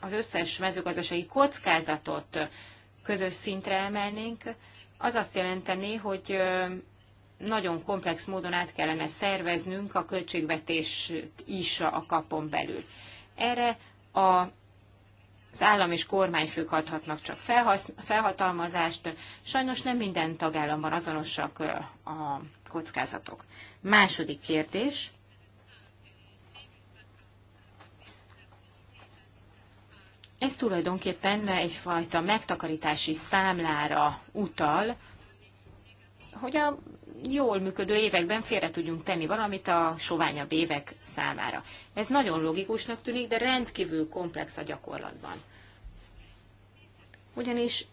Speaker 4: az összes mezőgazdasági kockázatot közös szintre emelnénk, az azt jelenteni, hogy nagyon komplex módon át kellene szerveznünk a költségvetést is a kapon belül. Erre a az állam és kormányfők adhatnak csak felhatalmazást. Sajnos nem minden tagállamban azonosak a kockázatok. Második kérdés. Ez tulajdonképpen egyfajta megtakarítási számlára utal, hogy a jól működő években félre tudjunk tenni valamit a soványabb évek számára. Ez nagyon logikusnak tűnik, de rendkívül komplex a gyakorlatban. Ugyanis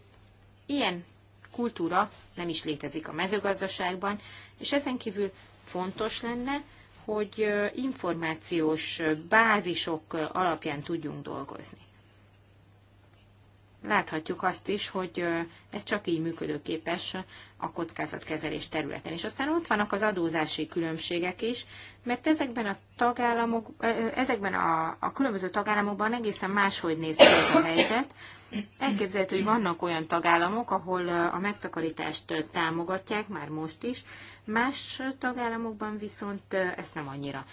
Speaker 4: ilyen kultúra nem is létezik a mezőgazdaságban, és ezen kívül fontos lenne, hogy információs bázisok alapján tudjunk dolgozni láthatjuk azt is, hogy ez csak így működőképes a kockázatkezelés területen. És aztán ott vannak az adózási különbségek is, mert ezekben a tagállamok, ezekben a, a különböző tagállamokban egészen máshogy néz ki ez a helyzet. Elképzelhető, hogy vannak olyan tagállamok, ahol a megtakarítást támogatják, már most is, más tagállamokban viszont ezt nem annyira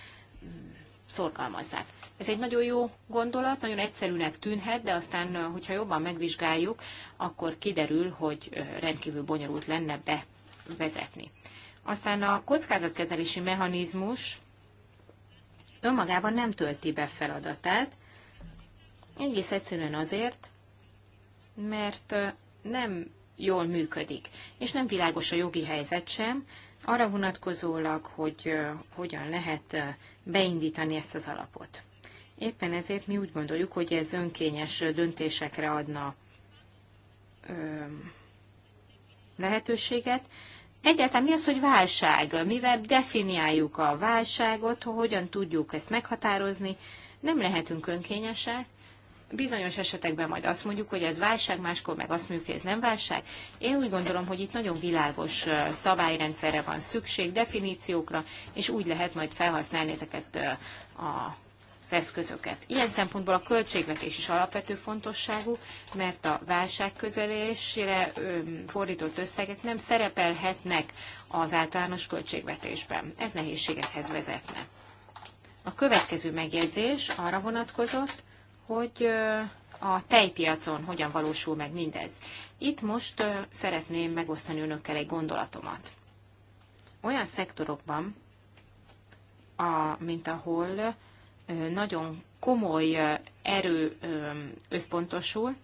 Speaker 4: mm, szorgalmazzák. Ez egy nagyon jó gondolat, nagyon egyszerűnek tűnhet, de aztán, hogyha jobban megvizsgáljuk, akkor kiderül, hogy rendkívül bonyolult lenne bevezetni. Aztán a kockázatkezelési mechanizmus önmagában nem tölti be feladatát, egész egyszerűen azért, mert nem jól működik, és nem világos a jogi helyzet sem, arra vonatkozólag, hogy hogyan lehet beindítani ezt az alapot. Éppen ezért mi úgy gondoljuk, hogy ez önkényes döntésekre adna lehetőséget. Egyáltalán mi az, hogy válság? Mivel definiáljuk a válságot, hogyan tudjuk ezt meghatározni? Nem lehetünk önkényesek. Bizonyos esetekben majd azt mondjuk, hogy ez válság, máskor meg azt mondjuk, hogy ez nem válság. Én úgy gondolom, hogy itt nagyon világos szabályrendszerre van szükség, definíciókra, és úgy lehet majd felhasználni ezeket a eszközöket. Ilyen szempontból a költségvetés is alapvető fontosságú, mert a válság közelésére fordított összegek nem szerepelhetnek az általános költségvetésben. Ez nehézségekhez vezetne. A következő megjegyzés arra vonatkozott, hogy a tejpiacon hogyan valósul meg mindez. Itt most szeretném megosztani önökkel egy gondolatomat. Olyan szektorokban, a, mint ahol nagyon komoly erő összpontosul,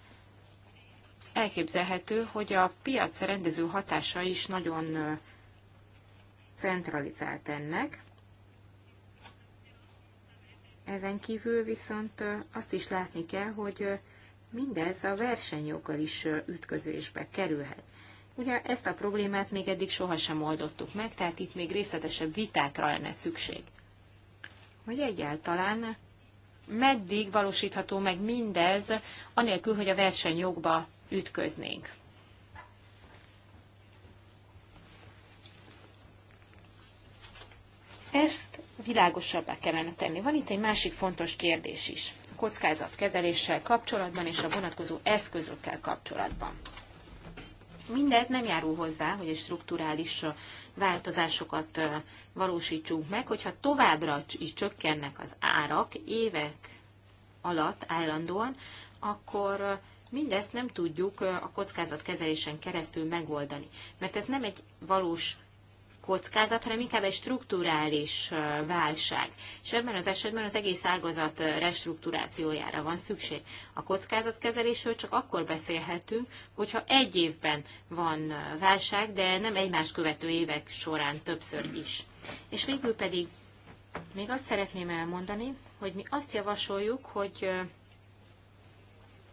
Speaker 4: elképzelhető, hogy a piac rendező hatása is nagyon centralizált ennek. Ezen kívül viszont azt is látni kell, hogy mindez a versenyjoggal is ütközésbe kerülhet. Ugye ezt a problémát még eddig sohasem oldottuk meg, tehát itt még részletesebb vitákra lenne szükség vagy egyáltalán meddig valósítható meg mindez, anélkül, hogy a versenyjogba ütköznénk. Ezt világosabbá kellene tenni. Van itt egy másik fontos kérdés is. A kockázatkezeléssel kapcsolatban és a vonatkozó eszközökkel kapcsolatban. Mindez nem járul hozzá, hogy egy strukturális változásokat valósítsunk meg, hogyha továbbra is csökkennek az árak évek alatt állandóan, akkor mindezt nem tudjuk a kockázatkezelésen keresztül megoldani. Mert ez nem egy valós kockázat, hanem inkább egy strukturális válság. És ebben az esetben az egész ágazat restruktúrációjára van szükség. A kockázatkezelésről csak akkor beszélhetünk, hogyha egy évben van válság, de nem egymás követő évek során többször is. És végül pedig még azt szeretném elmondani, hogy mi azt javasoljuk, hogy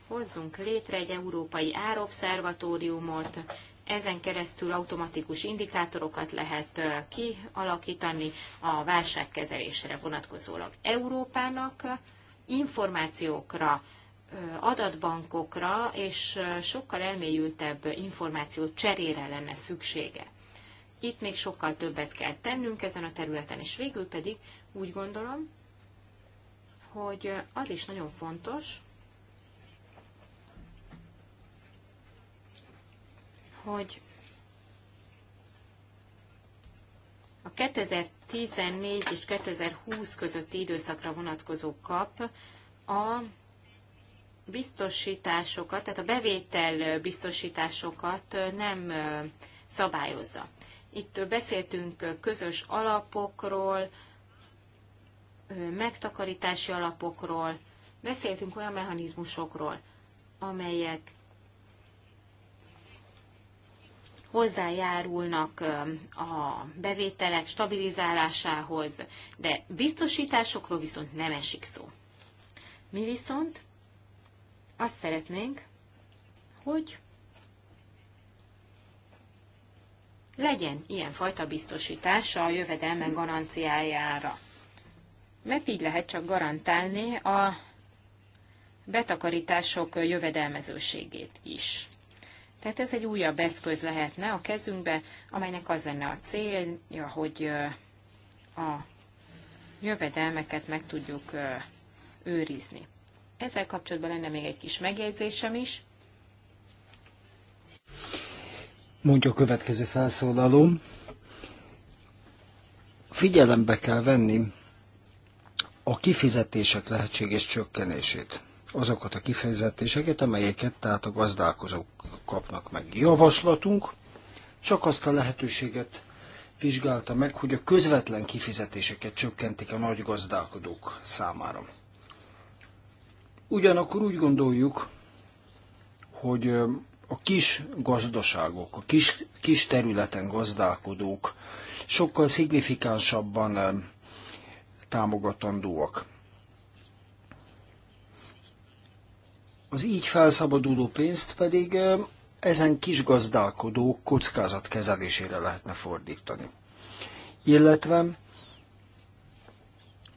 Speaker 4: hozzunk létre egy európai árobszervatóriumot, ezen keresztül automatikus indikátorokat lehet kialakítani a válságkezelésre vonatkozólag. Európának információkra, adatbankokra és sokkal elmélyültebb információ cserére lenne szüksége. Itt még sokkal többet kell tennünk ezen a területen, és végül pedig úgy gondolom, hogy az is nagyon fontos, hogy a 2014 és 2020 közötti időszakra vonatkozó kap a biztosításokat, tehát a bevétel biztosításokat nem szabályozza. Itt beszéltünk közös alapokról, megtakarítási alapokról, beszéltünk olyan mechanizmusokról, amelyek hozzájárulnak a bevételek stabilizálásához, de biztosításokról viszont nem esik szó. Mi viszont azt szeretnénk, hogy legyen ilyenfajta biztosítása a jövedelmen garanciájára. Mert így lehet csak garantálni a betakarítások jövedelmezőségét is. Tehát ez egy újabb eszköz lehetne a kezünkbe, amelynek az lenne a célja, hogy a jövedelmeket meg tudjuk őrizni. Ezzel kapcsolatban lenne még egy kis megjegyzésem is.
Speaker 2: Mondja a következő felszólalóm. Figyelembe kell venni a kifizetések lehetséges csökkenését azokat a kifejezetéseket, amelyeket tehát a gazdálkozók kapnak meg. Javaslatunk csak azt a lehetőséget vizsgálta meg, hogy a közvetlen kifizetéseket csökkentik a nagy gazdálkodók számára. Ugyanakkor úgy gondoljuk, hogy a kis gazdaságok, a kis, kis területen gazdálkodók sokkal szignifikánsabban támogatandóak. Az így felszabaduló pénzt pedig ezen kis gazdálkodók kezelésére lehetne fordítani. Illetve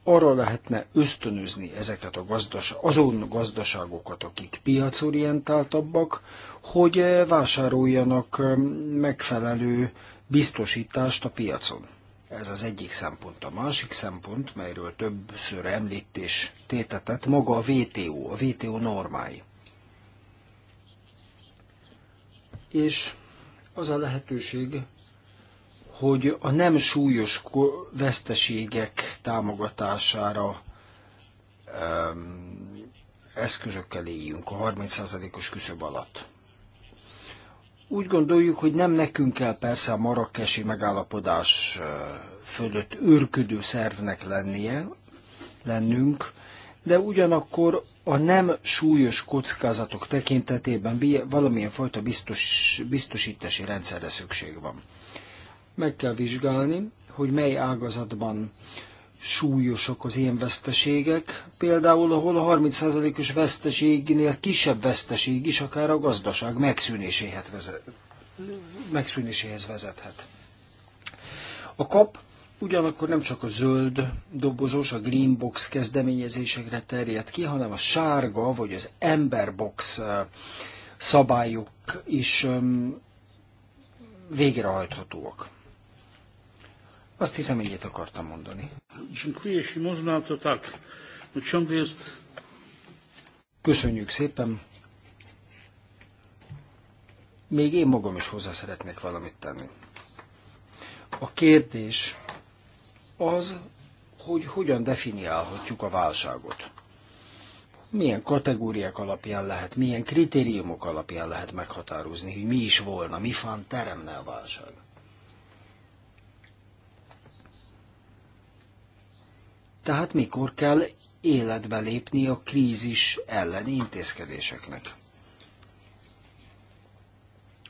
Speaker 2: arra lehetne ösztönözni ezeket a gazdas, azon gazdaságokat, akik piacorientáltabbak, hogy vásároljanak megfelelő biztosítást a piacon. Ez az egyik szempont. A másik szempont, melyről többször említés tétetett, maga a VTO, a VTO normái. és az a lehetőség, hogy a nem súlyos veszteségek támogatására um, eszközökkel éljünk a 30%-os küszöb alatt. Úgy gondoljuk, hogy nem nekünk kell persze a marakkesi megállapodás fölött őrködő szervnek lennie, lennünk, de ugyanakkor a nem súlyos kockázatok tekintetében valamilyen fajta biztos, biztosítási rendszerre szükség van. Meg kell vizsgálni, hogy mely ágazatban súlyosak az ilyen veszteségek, például ahol a 30%-os veszteségnél kisebb veszteség is akár a gazdaság megszűnéséhez megszűnéséhez vezethet. A kap ugyanakkor nem csak a zöld dobozos, a green box kezdeményezésekre terjed ki, hanem a sárga vagy az ember box szabályok is végrehajthatóak. Azt hiszem, ennyit akartam mondani. Köszönjük szépen. Még én magam is hozzá szeretnék valamit tenni. A kérdés az, hogy hogyan definiálhatjuk a válságot. Milyen kategóriák alapján lehet, milyen kritériumok alapján lehet meghatározni, hogy mi is volna, mi fan teremne a válság. Tehát mikor kell életbe lépni a krízis elleni intézkedéseknek?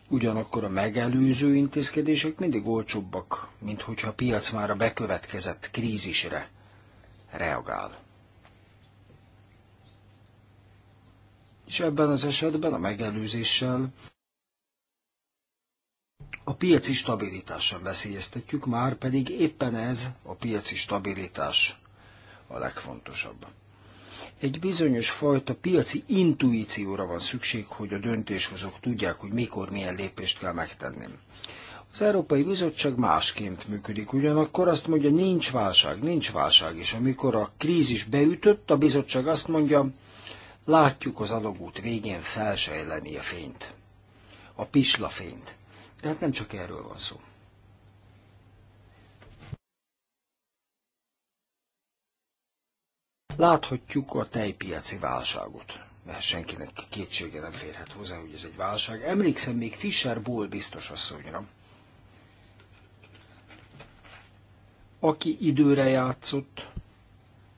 Speaker 2: Ugyanakkor a megelőző intézkedések mindig olcsóbbak, mint hogyha a piac már a bekövetkezett krízisre reagál. És ebben az esetben a megelőzéssel a piaci stabilitással veszélyeztetjük, már pedig éppen ez a piaci stabilitás a legfontosabb. Egy bizonyos fajta piaci intuícióra van szükség, hogy a döntéshozók tudják, hogy mikor milyen lépést kell megtenni. Az Európai Bizottság másként működik, ugyanakkor azt mondja, nincs válság, nincs válság, és amikor a krízis beütött, a bizottság azt mondja, látjuk az alagút végén felsejleni a fényt, a pislafényt. De hát nem csak erről van szó. Láthatjuk a tejpiaci válságot. Mert senkinek kétsége nem férhet hozzá, hogy ez egy válság. Emlékszem még Fischer Ból biztos asszonyra, aki időre játszott,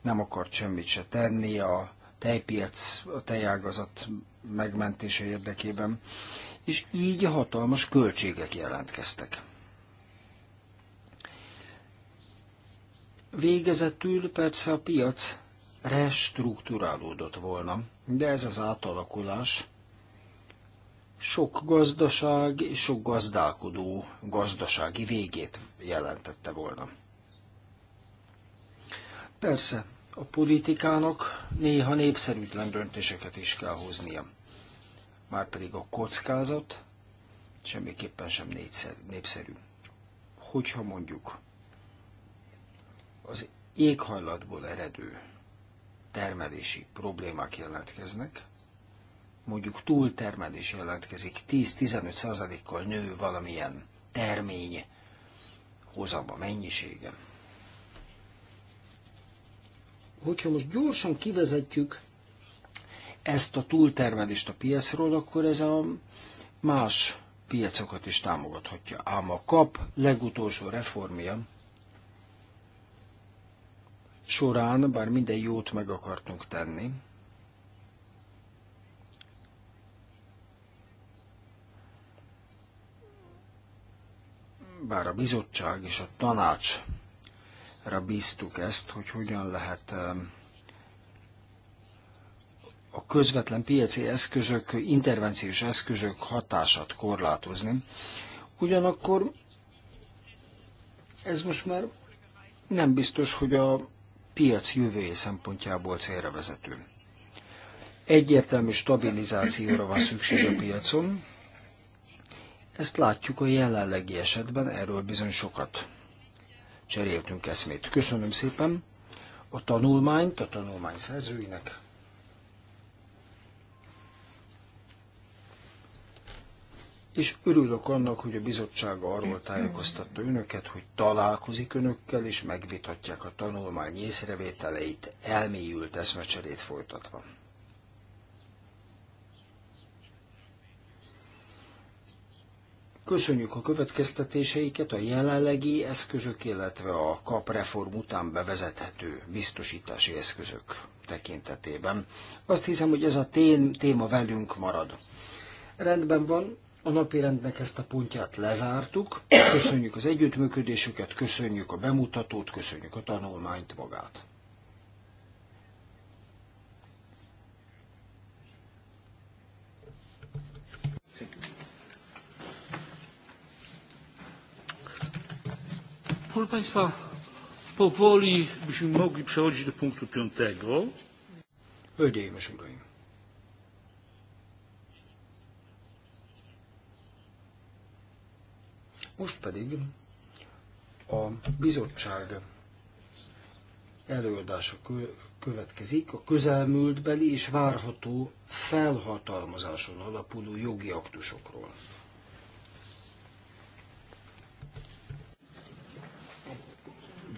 Speaker 2: nem akart semmit se tenni a tejpiac, a tejágazat megmentése érdekében, és így hatalmas költségek jelentkeztek. Végezetül persze a piac restruktúrálódott volna, de ez az átalakulás sok gazdaság és sok gazdálkodó gazdasági végét jelentette volna. Persze, a politikának néha népszerűtlen döntéseket is kell hoznia. Márpedig a kockázat semmiképpen sem népszerű. Hogyha mondjuk az éghajlatból eredő termelési problémák jelentkeznek, mondjuk túltermelés jelentkezik, 10-15%-kal nő valamilyen termény hozama mennyisége. Hogyha most gyorsan kivezetjük ezt a túltermelést a piacról, akkor ez a más piacokat is támogathatja. Ám a kap legutolsó reformja során, bár minden jót meg akartunk tenni, bár a bizottság és a tanácsra bíztuk ezt, hogy hogyan lehet a közvetlen piaci eszközök, intervenciós eszközök hatását korlátozni. Ugyanakkor ez most már nem biztos, hogy a piac jövője szempontjából célra vezető. Egyértelmű stabilizációra van szükség a piacon, ezt látjuk a jelenlegi esetben, erről bizony sokat cseréltünk eszmét. Köszönöm szépen a tanulmányt, a tanulmány szerzőinek, és örülök annak, hogy a bizottság arról tájékoztatta önöket, hogy találkozik önökkel, és megvitatják a tanulmány észrevételeit, elmélyült eszmecserét folytatva. Köszönjük a következtetéseiket a jelenlegi eszközök, illetve a KAP reform után bevezethető biztosítási eszközök tekintetében. Azt hiszem, hogy ez a téma velünk marad. Rendben van, a napirendnek ezt a pontját lezártuk. Köszönjük az együttműködésüket, köszönjük a bemutatót, köszönjük a tanulmányt magát.
Speaker 1: Proszę Państwa, powoli byśmy mogli przechodzić do punktu
Speaker 2: piątego. Hölgyeim és Uraim! Most pedig a bizottság előadása következik a közelmúltbeli és várható felhatalmazáson alapuló jogi aktusokról.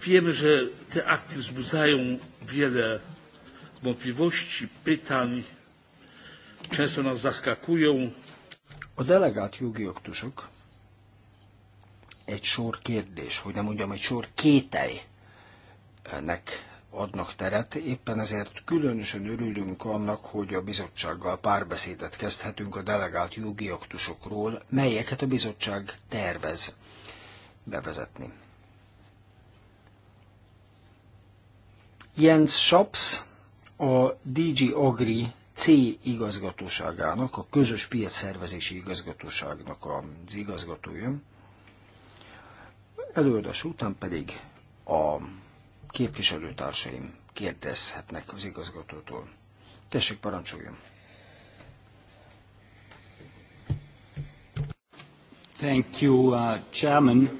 Speaker 1: Wiemy, że te akty wzbudzają wiele wątpliwości, pytań, często nas zaskakują.
Speaker 2: A delegát jogi aktusok egy sor kérdés, hogy nem mondjam, egy sor kételynek adnak teret. Éppen ezért különösen örülünk annak, hogy a bizottsággal párbeszédet kezdhetünk a delegált jogi aktusokról, melyeket a bizottság tervez bevezetni. Jens Schaps, a DG Agri C igazgatóságának, a közös piacszervezési igazgatóságnak az igazgatója, előadás után pedig a képviselőtársaim kérdezhetnek az igazgatótól. Tessék, parancsoljon! Thank you, uh, Chairman,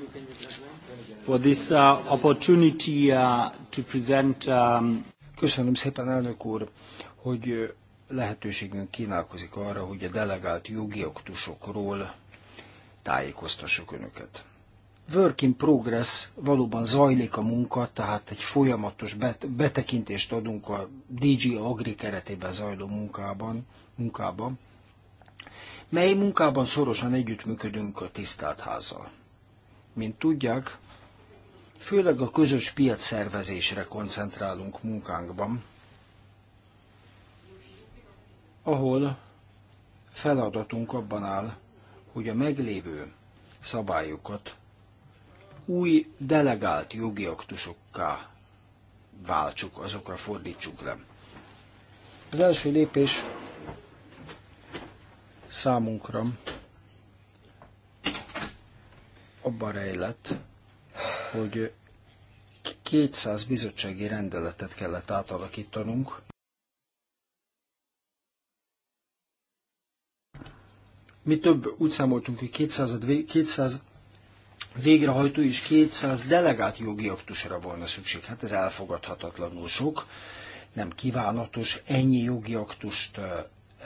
Speaker 2: for this uh, opportunity uh, to present. Um... Köszönöm szépen, elnök úr, hogy uh, lehetőségünk kínálkozik arra, hogy a delegált jogi oktusokról tájékoztassuk önöket work in progress valóban zajlik a munka, tehát egy folyamatos betekintést adunk a DG Agri keretében zajló munkában, munkában mely munkában szorosan együttműködünk a tisztelt házzal. Mint tudják, főleg a közös piac szervezésre koncentrálunk munkánkban, ahol feladatunk abban áll, hogy a meglévő szabályokat új delegált jogi aktusokká váltsuk, azokra fordítsuk le. Az első lépés számunkra abban rejlett, hogy 200 bizottsági rendeletet kellett átalakítanunk, Mi több úgy számoltunk, hogy 200, 200 végrehajtó és 200 delegált jogi aktusra volna szükség. Hát ez elfogadhatatlanul sok, nem kívánatos ennyi jogi aktust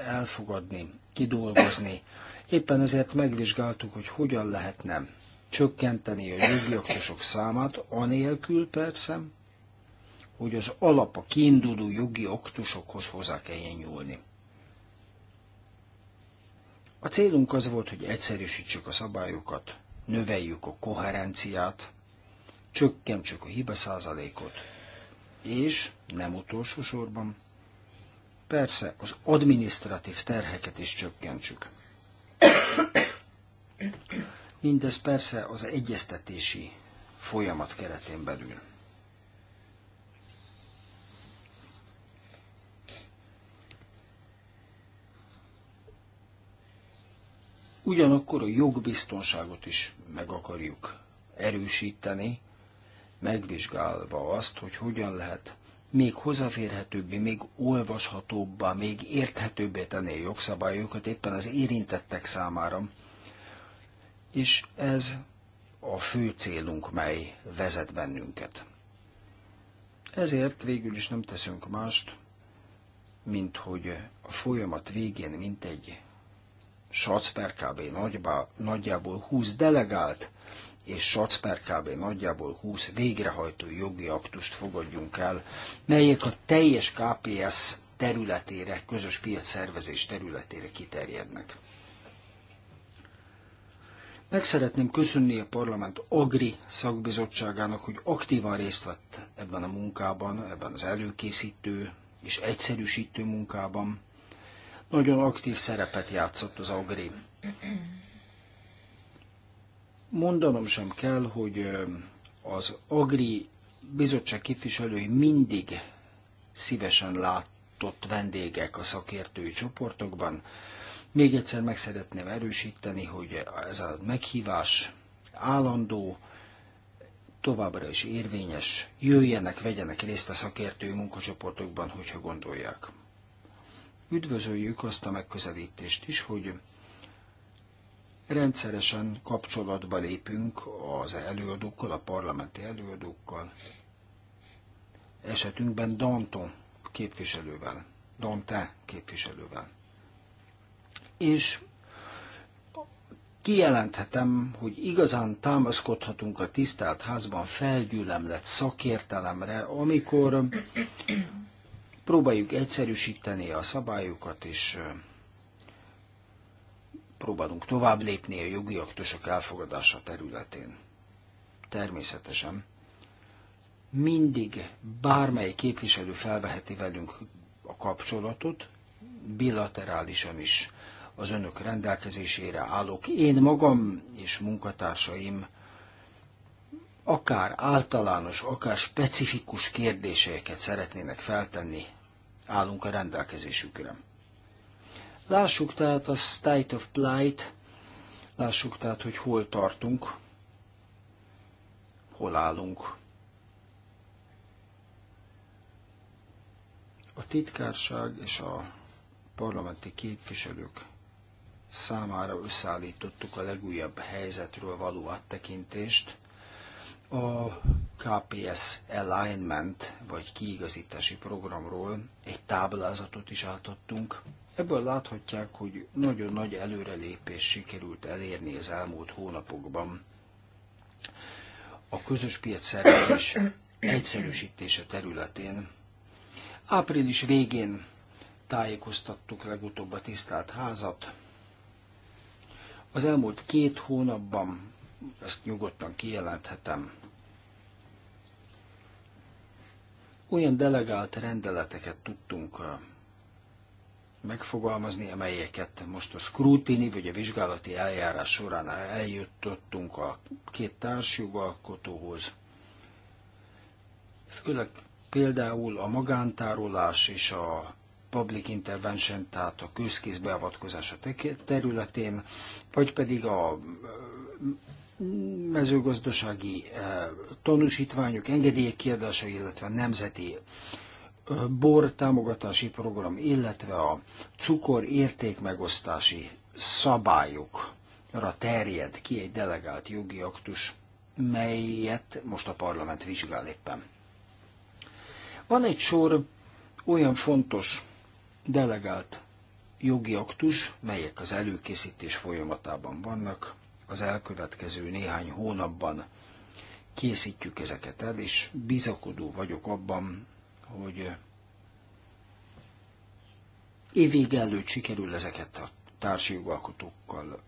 Speaker 2: elfogadni, kidolgozni. Éppen ezért megvizsgáltuk, hogy hogyan lehetne csökkenteni a jogi aktusok számát, anélkül persze, hogy az alap a kiinduló jogi aktusokhoz hozzá kelljen nyúlni. A célunk az volt, hogy egyszerűsítsük a szabályokat, növeljük a koherenciát, csökkentsük a hiba százalékot, és nem utolsó sorban, persze az adminisztratív terheket is csökkentsük. Mindez persze az egyeztetési folyamat keretén belül. ugyanakkor a jogbiztonságot is meg akarjuk erősíteni, megvizsgálva azt, hogy hogyan lehet még hozzáférhetőbbé, még olvashatóbbá, még érthetőbbé tenni a jogszabályokat éppen az érintettek számára. És ez a fő célunk, mely vezet bennünket. Ezért végül is nem teszünk mást, mint hogy a folyamat végén egy SAC per kb. Nagybá, nagyjából 20 delegált és SAC per kb. nagyjából 20 végrehajtó jogi aktust fogadjunk el, melyek a teljes KPS területére, közös piac szervezés területére kiterjednek. Meg szeretném köszönni a Parlament Agri szakbizottságának, hogy aktívan részt vett ebben a munkában, ebben az előkészítő és egyszerűsítő munkában nagyon aktív szerepet játszott az Agri. Mondanom sem kell, hogy az Agri bizottság képviselői mindig szívesen látott vendégek a szakértői csoportokban. Még egyszer meg szeretném erősíteni, hogy ez a meghívás állandó, továbbra is érvényes, jöjjenek, vegyenek részt a szakértői munkacsoportokban, hogyha gondolják. Üdvözöljük azt a megközelítést is, hogy rendszeresen kapcsolatba lépünk az előadókkal, a parlamenti előadókkal, esetünkben Danton képviselővel, Dante képviselővel. És kijelenthetem, hogy igazán támaszkodhatunk a tisztelt házban felgyűlemlet szakértelemre, amikor Próbáljuk egyszerűsíteni a szabályokat, és próbálunk tovább lépni a jogi aktusok elfogadása területén. Természetesen mindig bármely képviselő felveheti velünk a kapcsolatot, bilaterálisan is az önök rendelkezésére állok. Én magam és munkatársaim akár általános, akár specifikus kérdéseket szeretnének feltenni, állunk a rendelkezésükre. Lássuk tehát a state of plight, lássuk tehát, hogy hol tartunk, hol állunk. A titkárság és a parlamenti képviselők számára összeállítottuk a legújabb helyzetről való áttekintést, a KPS Alignment, vagy kiigazítási programról egy táblázatot is átadtunk. Ebből láthatják, hogy nagyon nagy előrelépés sikerült elérni az elmúlt hónapokban. A közös piac szervezés egyszerűsítése területén. Április végén tájékoztattuk legutóbb a tisztelt házat. Az elmúlt két hónapban ezt nyugodtan kijelenthetem. Olyan delegált rendeleteket tudtunk megfogalmazni, amelyeket most a scrutiny vagy a vizsgálati eljárás során eljutottunk a két társjogalkotóhoz. Főleg például a magántárolás és a public intervention, tehát a közkész beavatkozása területén, vagy pedig a mezőgazdasági eh, tanúsítványok, engedélyek kiadása, illetve nemzeti eh, bor támogatási program, illetve a cukor értékmegosztási szabályokra terjed ki egy delegált jogi aktus, melyet most a parlament vizsgál éppen. Van egy sor olyan fontos delegált jogi aktus, melyek az előkészítés folyamatában vannak, az elkövetkező néhány hónapban készítjük ezeket el, és bizakodó vagyok abban, hogy évvége előtt sikerül ezeket a társi jogalkotókkal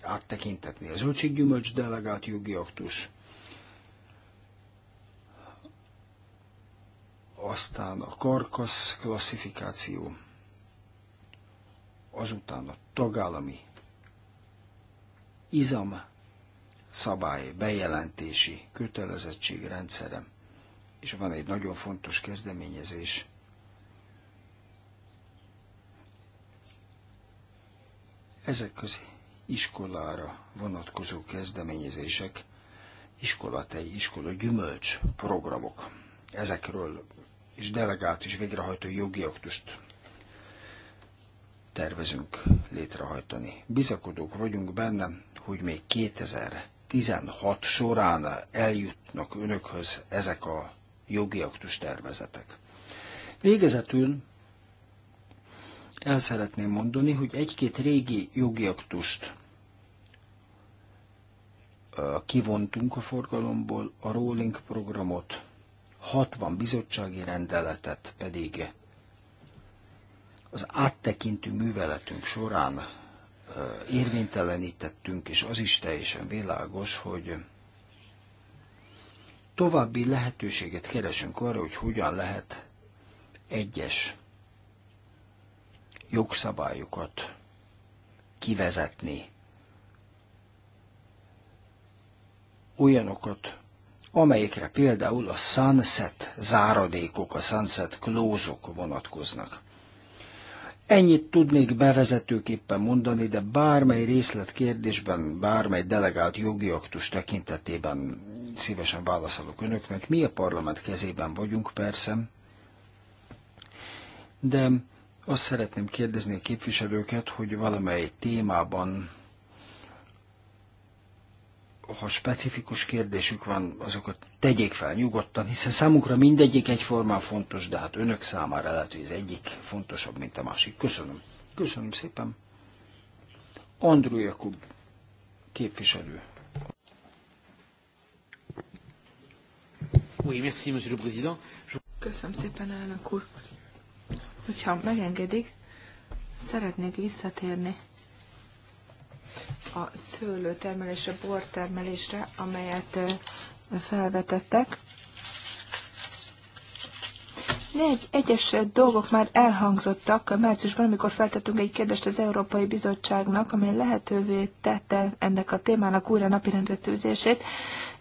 Speaker 2: áttekintetni. A zöldséggyümölcs delegált jogi aktus, aztán a karkasz klasszifikáció, azután a tagállami izam szabály, bejelentési kötelezettség rendszerem. És van egy nagyon fontos kezdeményezés, ezek az iskolára vonatkozó kezdeményezések, iskolatei, iskola gyümölcs programok. Ezekről és delegált és végrehajtó jogi aktust tervezünk létrehajtani. Bizakodók vagyunk benne, hogy még 2016 során eljutnak önökhöz ezek a jogi aktus tervezetek. Végezetül el szeretném mondani, hogy egy-két régi jogi aktust kivontunk a forgalomból, a rolling programot, 60 bizottsági rendeletet pedig az áttekintő műveletünk során érvénytelenítettünk, és az is teljesen világos, hogy további lehetőséget keresünk arra, hogy hogyan lehet egyes jogszabályokat kivezetni, olyanokat, amelyekre például a sunset záradékok, a sunset klózok vonatkoznak. Ennyit tudnék bevezetőképpen mondani, de bármely részletkérdésben, bármely delegált jogi aktus tekintetében szívesen válaszolok önöknek. Mi a parlament kezében vagyunk persze, de azt szeretném kérdezni a képviselőket, hogy valamely témában ha specifikus kérdésük van, azokat tegyék fel nyugodtan, hiszen számukra mindegyik egyformán fontos, de hát önök számára lehet, hogy az egyik fontosabb, mint a másik. Köszönöm. Köszönöm szépen. Andrew Jakub képviselő. Oui, merci, monsieur le président.
Speaker 3: Köszönöm szépen, elnök úr. Hogyha megengedik, szeretnék visszatérni a szőlőtermelésre, bortermelésre, amelyet felvetettek. Négy egyes dolgok már elhangzottak márciusban, amikor feltettünk egy kérdést az Európai Bizottságnak, amely lehetővé tette ennek a témának újra napirendre tűzését.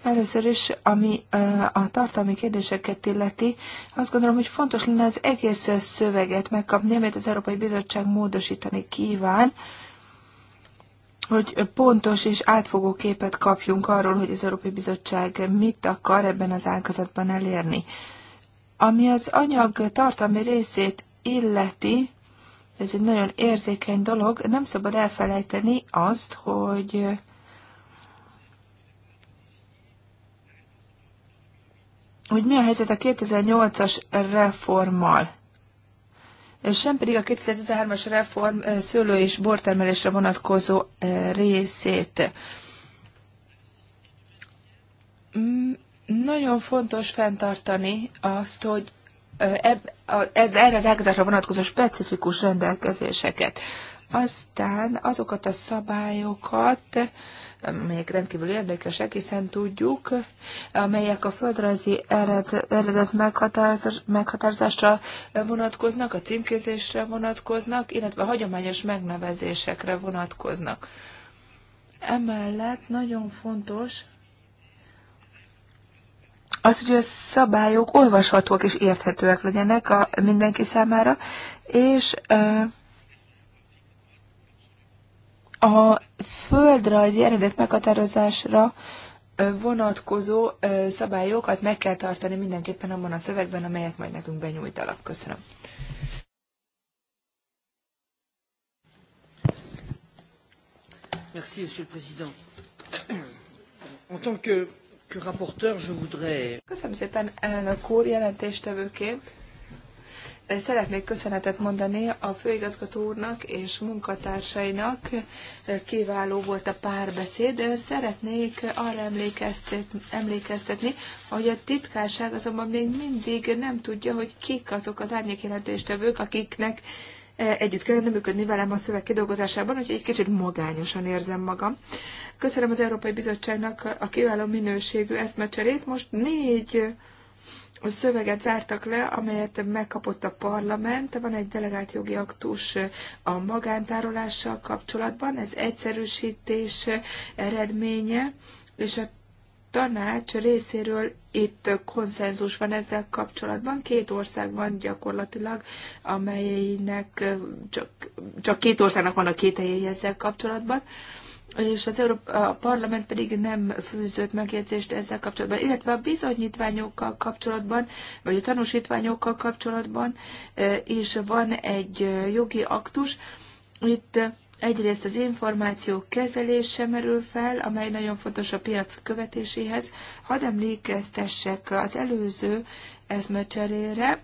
Speaker 3: Először is, ami a tartalmi kérdéseket illeti, azt gondolom, hogy fontos lenne az egész szöveget megkapni, amit az Európai Bizottság módosítani kíván hogy pontos és átfogó képet kapjunk arról, hogy az Európai Bizottság mit akar ebben az ágazatban elérni. Ami az anyag tartalmi részét illeti, ez egy nagyon érzékeny dolog, nem szabad elfelejteni azt, hogy hogy mi a helyzet a 2008-as reformmal sem pedig a 2013-as reform szőlő és bortermelésre vonatkozó részét. Mm, nagyon fontos fenntartani azt, hogy ez, erre az ágazatra vonatkozó specifikus rendelkezéseket. Aztán azokat a szabályokat, amelyek rendkívül érdekesek, hiszen tudjuk, amelyek a földrajzi ered, eredet meghatározás, meghatározásra vonatkoznak, a címkézésre vonatkoznak, illetve a hagyományos megnevezésekre vonatkoznak. Emellett nagyon fontos, az, hogy a szabályok olvashatóak és érthetőek legyenek a mindenki számára, és a földrajzi eredet meghatározásra vonatkozó szabályokat meg kell tartani mindenképpen abban a szövegben, amelyet majd nekünk benyújtanak. Köszönöm.
Speaker 1: Merci, Monsieur le Président. En tant que, que rapporteur, je voudrais...
Speaker 3: Köszönöm szépen, elnök úr, jelentéstevőként. Szeretnék köszönetet mondani a főigazgató úrnak és munkatársainak. Kiváló volt a párbeszéd. Szeretnék arra emlékeztetni, hogy a titkárság azonban még mindig nem tudja, hogy kik azok az árnyékjelentéstevők, akiknek e, együtt kellene működni velem a szöveg kidolgozásában, úgyhogy egy kicsit magányosan érzem magam. Köszönöm az Európai Bizottságnak a kiváló minőségű eszmecserét. Most négy a szöveget zártak le, amelyet megkapott a parlament. Van egy delegált jogi aktus a magántárolással kapcsolatban, ez egyszerűsítés eredménye, és a tanács részéről itt konszenzus van ezzel kapcsolatban. Két ország van gyakorlatilag, amelynek csak, csak két országnak van a kételjei ezzel kapcsolatban és az Európa a Parlament pedig nem fűzött megjegyzést ezzel kapcsolatban, illetve a bizonyítványokkal kapcsolatban, vagy a tanúsítványokkal kapcsolatban e, is van egy e, jogi aktus. Itt egyrészt az információ kezelése merül fel, amely nagyon fontos a piac követéséhez. Hadd emlékeztessek az előző eszmecserére,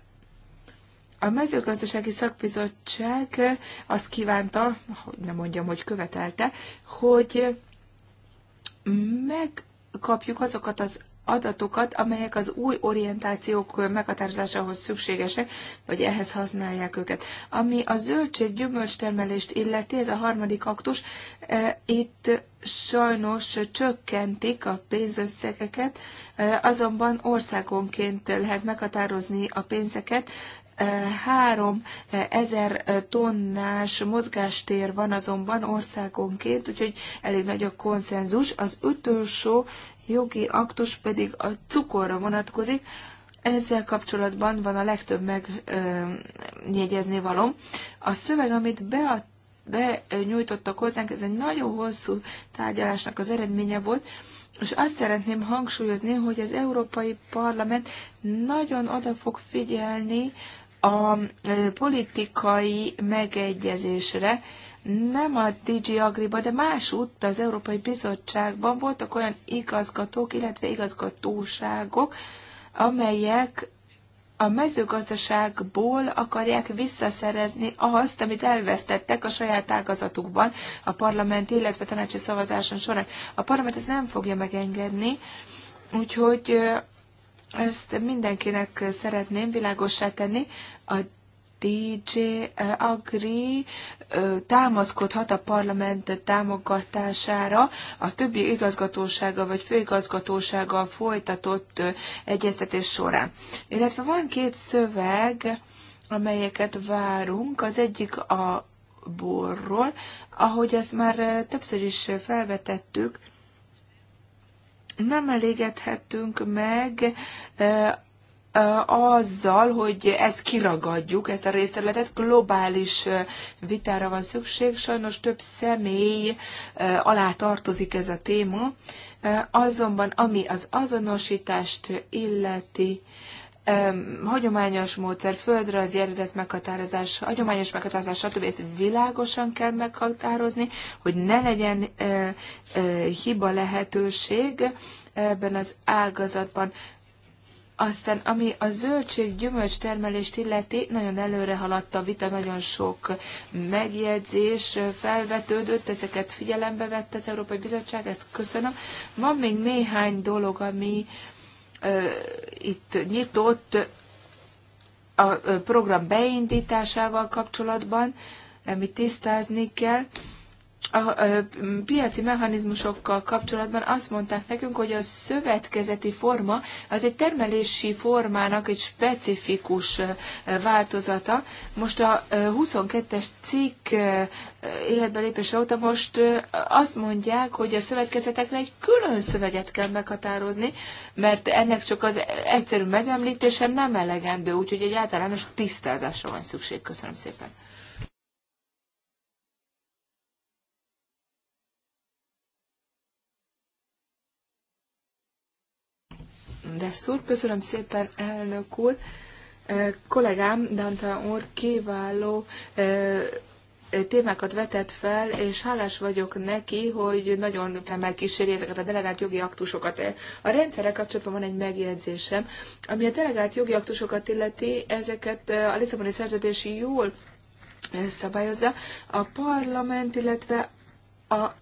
Speaker 3: a mezőgazdasági szakbizottság azt kívánta, hogy nem mondjam, hogy követelte, hogy megkapjuk azokat az adatokat, amelyek az új orientációk meghatározásához szükségesek, vagy ehhez használják őket. Ami a zöldség gyümölcstermelést illeti, ez a harmadik aktus, eh, itt sajnos csökkentik a pénzösszegeket, eh, azonban országonként lehet meghatározni a pénzeket, Három eh, ezer eh, tonnás mozgástér van azonban országonként, úgyhogy elég nagy a konszenzus. Az utolsó jogi aktus pedig a cukorra vonatkozik. Ezzel kapcsolatban van a legtöbb megjegyezni eh, valom. A szöveg, amit beadtam, benyújtottak hozzánk, ez egy nagyon hosszú tárgyalásnak az eredménye volt, és azt szeretném hangsúlyozni, hogy az Európai Parlament nagyon oda fog figyelni a politikai megegyezésre, nem a DG Agriba, de másutt az Európai Bizottságban voltak olyan igazgatók, illetve igazgatóságok, amelyek a mezőgazdaságból akarják visszaszerezni azt, amit elvesztettek a saját ágazatukban a parlament, illetve tanácsi szavazáson során. A parlament ezt nem fogja megengedni, úgyhogy ezt mindenkinek szeretném világosá tenni. A DJ eh, Agri eh, támaszkodhat a parlament támogatására a többi igazgatósága vagy főigazgatósága folytatott eh, egyeztetés során. Illetve van két szöveg, amelyeket várunk. Az egyik a borról, ahogy ezt már többször is felvetettük, nem elégedhetünk meg e, e, azzal, hogy ezt kiragadjuk, ezt a részterületet, globális e, vitára van szükség, sajnos több személy alá tartozik ez a téma, azonban ami az azonosítást illeti, hagyományos módszer, földre az eredet meghatározás, hagyományos meghatározás, stb. Ezt világosan kell meghatározni, hogy ne legyen hiba lehetőség ebben az ágazatban. Aztán, ami a zöldség gyümölcs termelést illeti, nagyon előre haladt a vita, nagyon sok megjegyzés felvetődött, ezeket figyelembe vette az Európai Bizottság, ezt köszönöm. Van még néhány dolog, ami, itt nyitott a program beindításával kapcsolatban, amit tisztázni kell, a piaci mechanizmusokkal kapcsolatban azt mondták nekünk, hogy a szövetkezeti forma az egy termelési formának egy specifikus változata. Most a 22-es cikk életbe lépése óta most azt mondják, hogy a szövetkezetekre egy külön szöveget kell meghatározni, mert ennek csak az egyszerű megemlítése nem elegendő, úgyhogy egy általános tisztázásra van szükség. Köszönöm szépen. Desszúr. Köszönöm szépen, elnök úr. Kollégám, Danta úr kiváló témákat vetett fel, és hálás vagyok neki, hogy nagyon figyelemmel kíséri ezeket a delegált jogi aktusokat. A rendszerrel kapcsolatban van egy megjegyzésem, ami a delegált jogi aktusokat illeti, ezeket a Lisszaboni szerződési jól szabályozza. A parlament, illetve a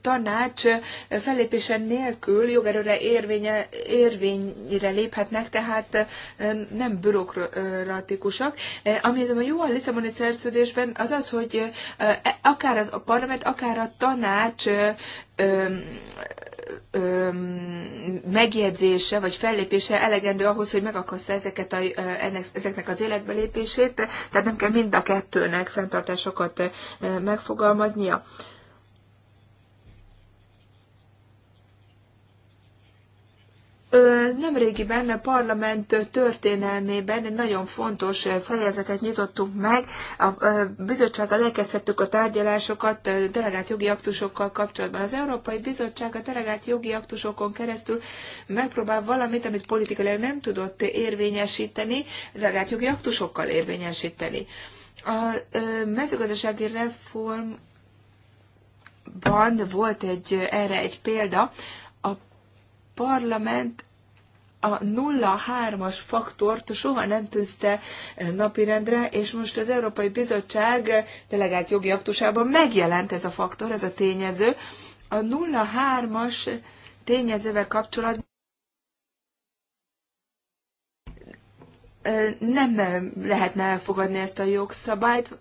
Speaker 3: tanács fellépése nélkül jogerőre érvénye, érvényre léphetnek, tehát nem bürokratikusak. Ami azonban jó a Lisszaboni szerződésben, az az, hogy e, akár az a parlament, akár a tanács megjegyzése vagy fellépése elegendő ahhoz, hogy megakassza ezeket a, ennek, ezeknek az életbelépését, tehát nem kell mind a kettőnek fenntartásokat megfogalmaznia. Nemrégiben a parlament történelmében egy nagyon fontos fejezetet nyitottunk meg. A bizottsággal elkezdhettük a tárgyalásokat delegált jogi aktusokkal kapcsolatban. Az Európai Bizottság a delegált jogi aktusokon keresztül megpróbál valamit, amit politikailag nem tudott érvényesíteni, delegált jogi aktusokkal érvényesíteni. A mezőgazdasági reform van, volt egy, erre egy példa, parlament a 0,3-as faktort soha nem tűzte eh, napirendre, és most az Európai Bizottság eh, delegált jogi aktusában megjelent ez a faktor, ez a tényező. A 0,3-as tényezővel kapcsolatban eh, nem lehetne elfogadni ezt a jogszabályt,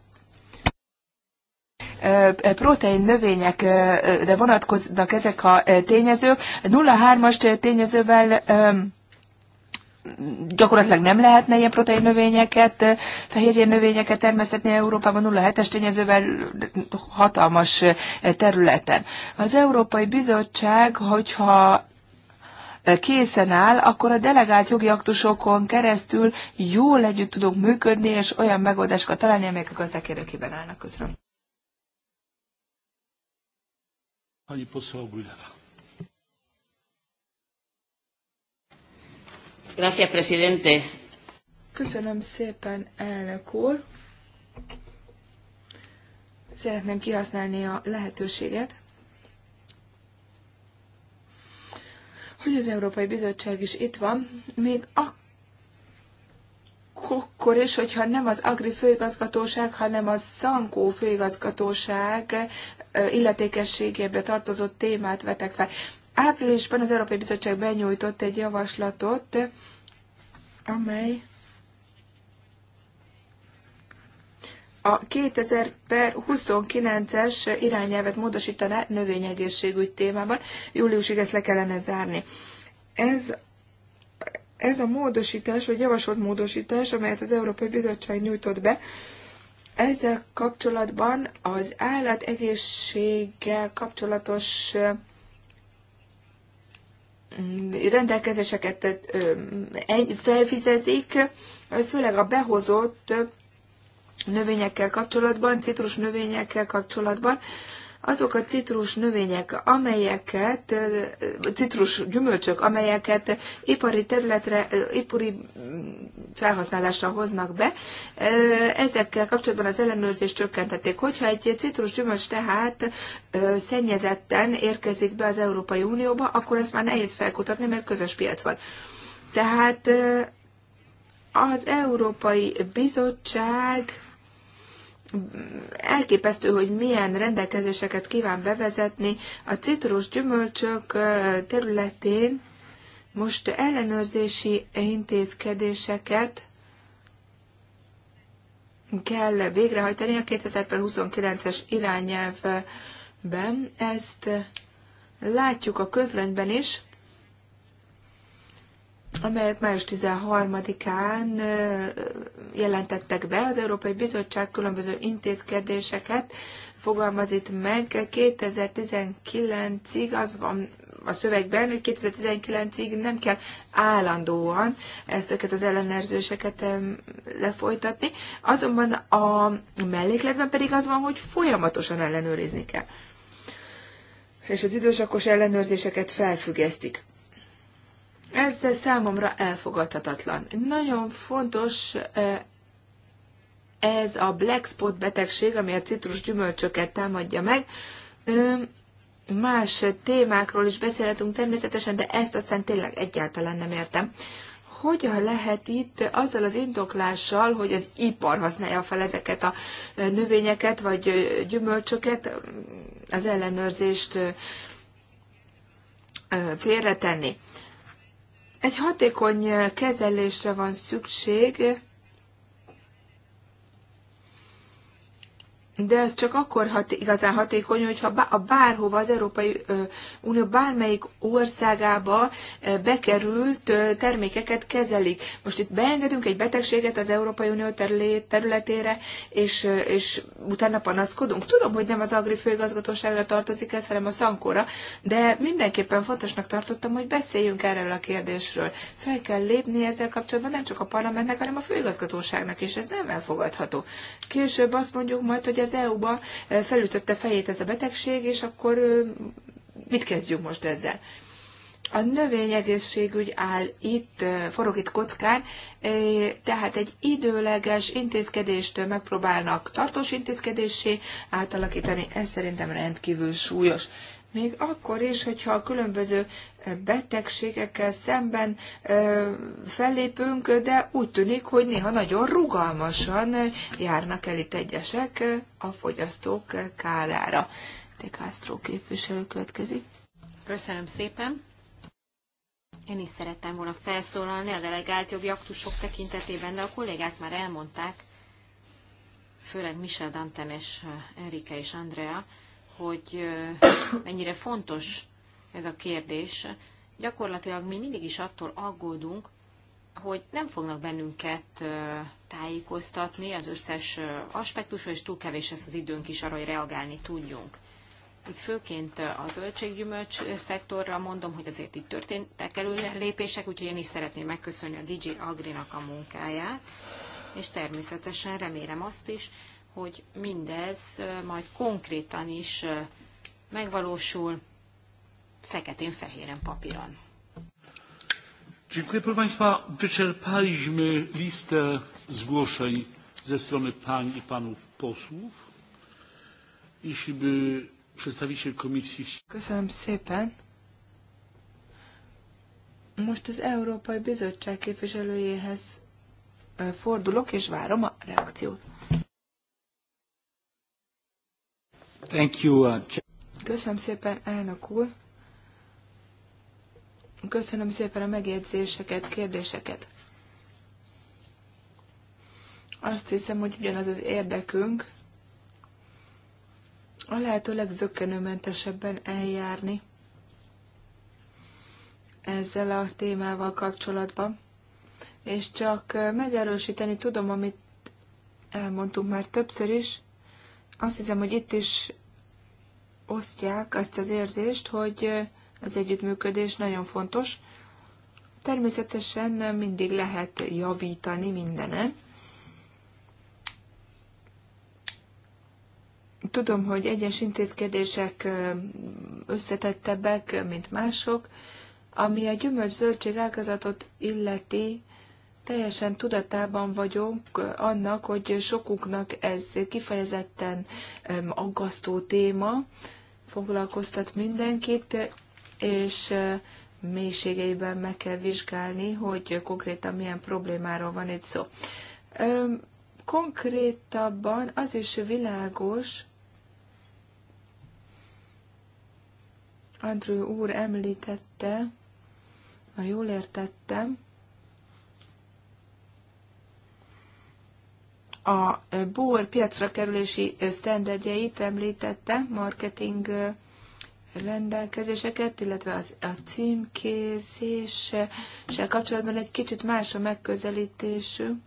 Speaker 3: protein növényekre vonatkoznak ezek a tényezők. 0,3-as tényezővel gyakorlatilag nem lehetne ilyen protein növényeket, fehérje növényeket termesztetni Európában 0,7-es tényezővel hatalmas területen. Az Európai Bizottság, hogyha készen áll, akkor a delegált jogi aktusokon keresztül jól együtt tudunk működni, és olyan megoldásokat találni, amelyek a gazdák érdekében állnak. Köszönöm.
Speaker 1: Pani poseł Aguilera. Gracias, presidente. Köszönöm szépen,
Speaker 3: elnök úr. Szeretném kihasználni a lehetőséget, hogy az Európai Bizottság is itt van, még akkor, akkor is, hogyha nem az Agri főigazgatóság, hanem a Szankó főigazgatóság illetékességébe tartozott témát vetek fel. Áprilisban az Európai Bizottság benyújtott egy javaslatot, amely a 2000 per 29-es irányelvet módosítaná növényegészségügy témában. Júliusig ezt le kellene zárni. Ez ez a módosítás, vagy javasolt módosítás, amelyet az Európai Bizottság nyújtott be, ezzel kapcsolatban az egészséggel kapcsolatos mm, rendelkezéseket felfizezik, főleg a behozott növényekkel kapcsolatban, citrus növényekkel kapcsolatban, azok a citrus növények, amelyeket, citrus gyümölcsök, amelyeket ipari területre, ipari mm, felhasználásra hoznak be, ezekkel kapcsolatban az ellenőrzést csökkentették. Hogyha egy citrus gyümölcs tehát szennyezetten érkezik be az Európai Unióba, akkor ezt már nehéz felkutatni, mert közös piac van. Tehát az Európai Bizottság elképesztő, hogy milyen rendelkezéseket kíván bevezetni a citrus gyümölcsök területén, most ellenőrzési intézkedéseket kell végrehajtani a 2029-es irányelvben. Ezt látjuk a közlönyben is amelyet május 13-án jelentettek be. Az Európai Bizottság különböző intézkedéseket fogalmaz itt meg. 2019-ig az van a szövegben, hogy 2019-ig nem kell állandóan ezeket az ellenőrzéseket lefolytatni, azonban a mellékletben pedig az van, hogy folyamatosan ellenőrizni kell. És az időszakos ellenőrzéseket felfüggesztik. Ez számomra elfogadhatatlan. Nagyon fontos ez a black spot betegség, ami a citrus gyümölcsöket támadja meg. Más témákról is beszélhetünk természetesen, de ezt aztán tényleg egyáltalán nem értem. Hogyan lehet itt azzal az indoklással, hogy az ipar használja fel ezeket a növényeket vagy gyümölcsöket, az ellenőrzést félretenni? Egy hatékony kezelésre van szükség, de ez csak akkor hat, igazán hatékony, hogyha a bárhova az Európai Unió bármelyik országába bekerült termékeket kezelik. Most itt beengedünk egy betegséget az Európai Unió területére, és, és utána panaszkodunk. Tudom, hogy nem az Agri főigazgatóságra tartozik ez, hanem a szankóra, de mindenképpen fontosnak tartottam, hogy beszéljünk erről a kérdésről. Fel kell lépni ezzel kapcsolatban nem csak a parlamentnek, hanem a főigazgatóságnak, is ez nem elfogadható. Később azt mondjuk majd, hogy ez az EU-ba felütötte fejét ez a betegség, és akkor mit kezdjünk most ezzel? A növényegészségügy áll itt, forog itt kockán, tehát egy időleges intézkedést megpróbálnak tartós intézkedésé átalakítani, ez szerintem rendkívül súlyos még akkor is, hogyha a különböző eh, betegségekkel szemben eh, fellépünk, de úgy tűnik, hogy néha nagyon rugalmasan eh, járnak el itt egyesek a fogyasztók kárára. De Castro képviselő következik.
Speaker 4: Köszönöm szépen. Én is szerettem volna felszólalni a delegált jogi aktusok tekintetében, de a kollégák már elmondták, főleg Michel Danten és Erika és Andrea, hogy mennyire fontos ez a kérdés. Gyakorlatilag mi mindig is attól aggódunk, hogy nem fognak bennünket tájékoztatni az összes aspektusról, és túl kevés lesz az időnk is arra, hogy reagálni tudjunk. Itt főként a zöldséggyümölcs szektorra mondom, hogy azért itt történtek lépések, úgyhogy én is szeretném megköszönni a DJ Agrinak a munkáját, és természetesen remélem azt is, hogy mindez majd konkrétan is megvalósul feketén-fehéren papíron.
Speaker 1: Dziękuję proszę Państwa. Wyczerpaliśmy listę zgłoszeń ze strony pań i panów posłów. Jeśli by przedstawiciel komisji...
Speaker 3: Köszönöm szépen. Most az Európai Bizottság képviselőjéhez e, fordulok, és várom a
Speaker 2: reakciót. Thank you. Uh,
Speaker 3: Köszönöm szépen, elnök úr. Köszönöm szépen a megjegyzéseket, kérdéseket. Azt hiszem, hogy ugyanaz az érdekünk, a lehető legzökkenőmentesebben eljárni ezzel a témával kapcsolatban, és csak megerősíteni tudom, amit elmondtunk már többször is, azt hiszem, hogy itt is osztják azt az érzést, hogy az együttműködés nagyon fontos. Természetesen mindig lehet javítani mindenen. Tudom, hogy egyes intézkedések összetettebbek, mint mások. Ami a gyümölcs-zöldség ágazatot illeti, Teljesen tudatában vagyok annak, hogy sokuknak ez kifejezetten aggasztó téma, foglalkoztat mindenkit, és mélységeiben meg kell vizsgálni, hogy konkrétan milyen problémáról van itt szó. Konkrétabban az is világos, Andrew úr említette, ha jól értettem, a bor piacra kerülési sztenderdjeit említette, marketing rendelkezéseket, illetve az, a címkézéssel kapcsolatban egy kicsit más a megközelítésünk.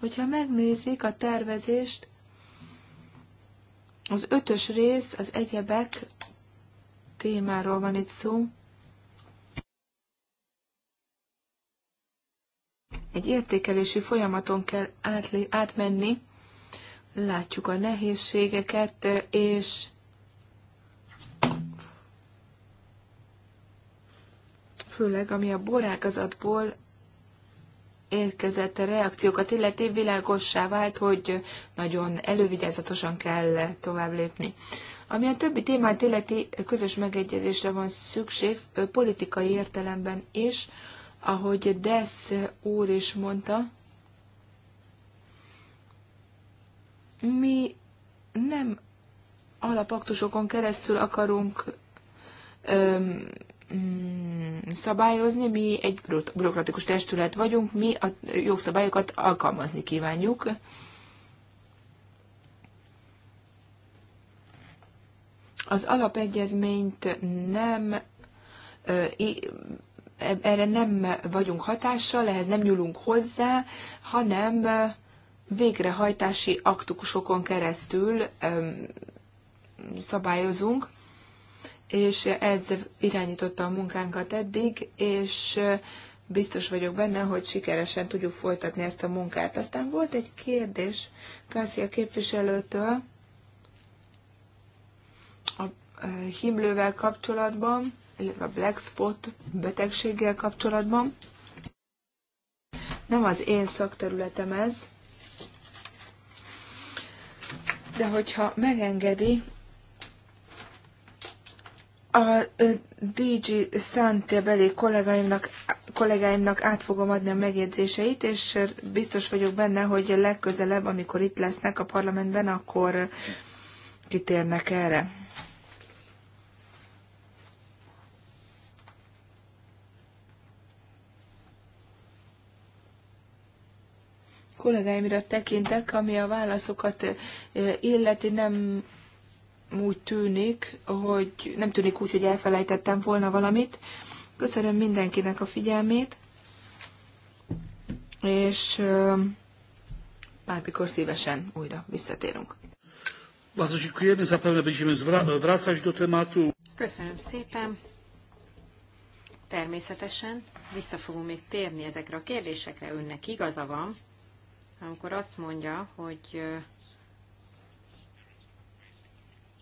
Speaker 3: Hogyha megnézik a tervezést, az ötös rész, az egyebek témáról van itt szó. egy értékelési folyamaton kell átmenni, látjuk a nehézségeket, és főleg ami a borágazatból érkezett reakciókat illeti, világossá vált, hogy nagyon elővigyázatosan kell tovább lépni. Ami a többi témát illeti, közös megegyezésre van szükség politikai értelemben is, ahogy Dess úr is mondta, mi nem alapaktusokon keresztül akarunk öm, mm, szabályozni, mi egy bürokratikus testület vagyunk, mi a jogszabályokat alkalmazni kívánjuk. Az alapegyezményt nem erre nem vagyunk hatással, ehhez nem nyúlunk hozzá, hanem végrehajtási aktusokon keresztül szabályozunk, és ez irányította a munkánkat eddig, és biztos vagyok benne, hogy sikeresen tudjuk folytatni ezt a munkát. Aztán volt egy kérdés Kászia képviselőtől a eh, himlővel kapcsolatban illetve a black spot betegséggel kapcsolatban. Nem az én szakterületem ez, de hogyha megengedi, a DG Santé beli kollégáimnak, kollégáimnak át fogom adni a megjegyzéseit, és biztos vagyok benne, hogy legközelebb, amikor itt lesznek a parlamentben, akkor kitérnek erre. kollégáimra tekintek, ami a válaszokat illeti nem úgy tűnik, hogy nem tűnik úgy, hogy elfelejtettem volna valamit. Köszönöm mindenkinek a figyelmét, és bármikor szívesen újra visszatérünk. Köszönöm
Speaker 4: szépen. Természetesen vissza fogunk még térni ezekre a kérdésekre, önnek igaza van amikor azt mondja, hogy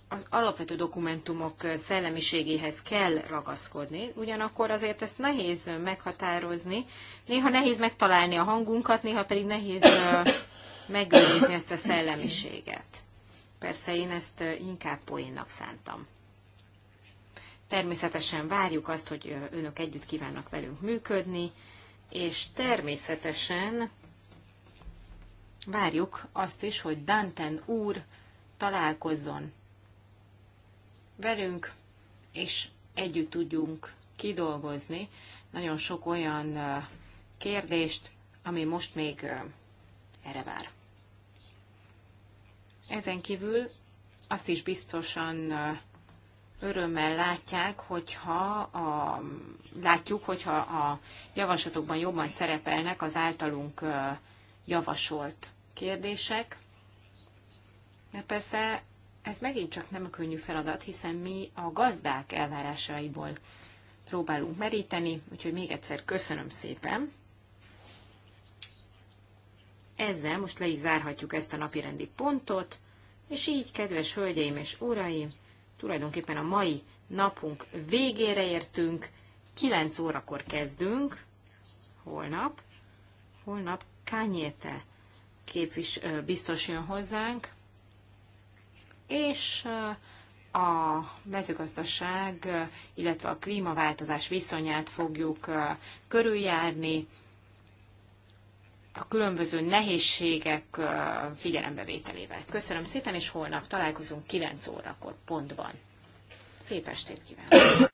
Speaker 4: az alapvető dokumentumok szellemiségéhez kell ragaszkodni, ugyanakkor azért ezt nehéz meghatározni, néha nehéz megtalálni a hangunkat, néha pedig nehéz megőrizni ezt a szellemiséget. Persze én ezt inkább poénnak szántam. Természetesen várjuk azt, hogy önök együtt kívánnak velünk működni, és természetesen várjuk azt is, hogy Danten úr találkozzon velünk, és együtt tudjunk kidolgozni nagyon sok olyan kérdést, ami most még erre vár. Ezen kívül azt is biztosan örömmel látják, hogyha a, látjuk, hogyha a javaslatokban jobban szerepelnek az általunk javasolt kérdések. De persze ez megint csak nem a könnyű feladat, hiszen mi a gazdák elvárásaiból próbálunk meríteni, úgyhogy még egyszer köszönöm szépen. Ezzel most le is zárhatjuk ezt a napirendi pontot, és így, kedves hölgyeim és uraim, tulajdonképpen a mai napunk végére értünk, 9 órakor kezdünk, holnap, holnap Kányéte képvis, biztos jön hozzánk, és a mezőgazdaság, illetve a klímaváltozás viszonyát fogjuk körüljárni, a különböző nehézségek figyelembevételével. Köszönöm szépen, és holnap találkozunk 9 órakor pontban. Szép estét kívánok!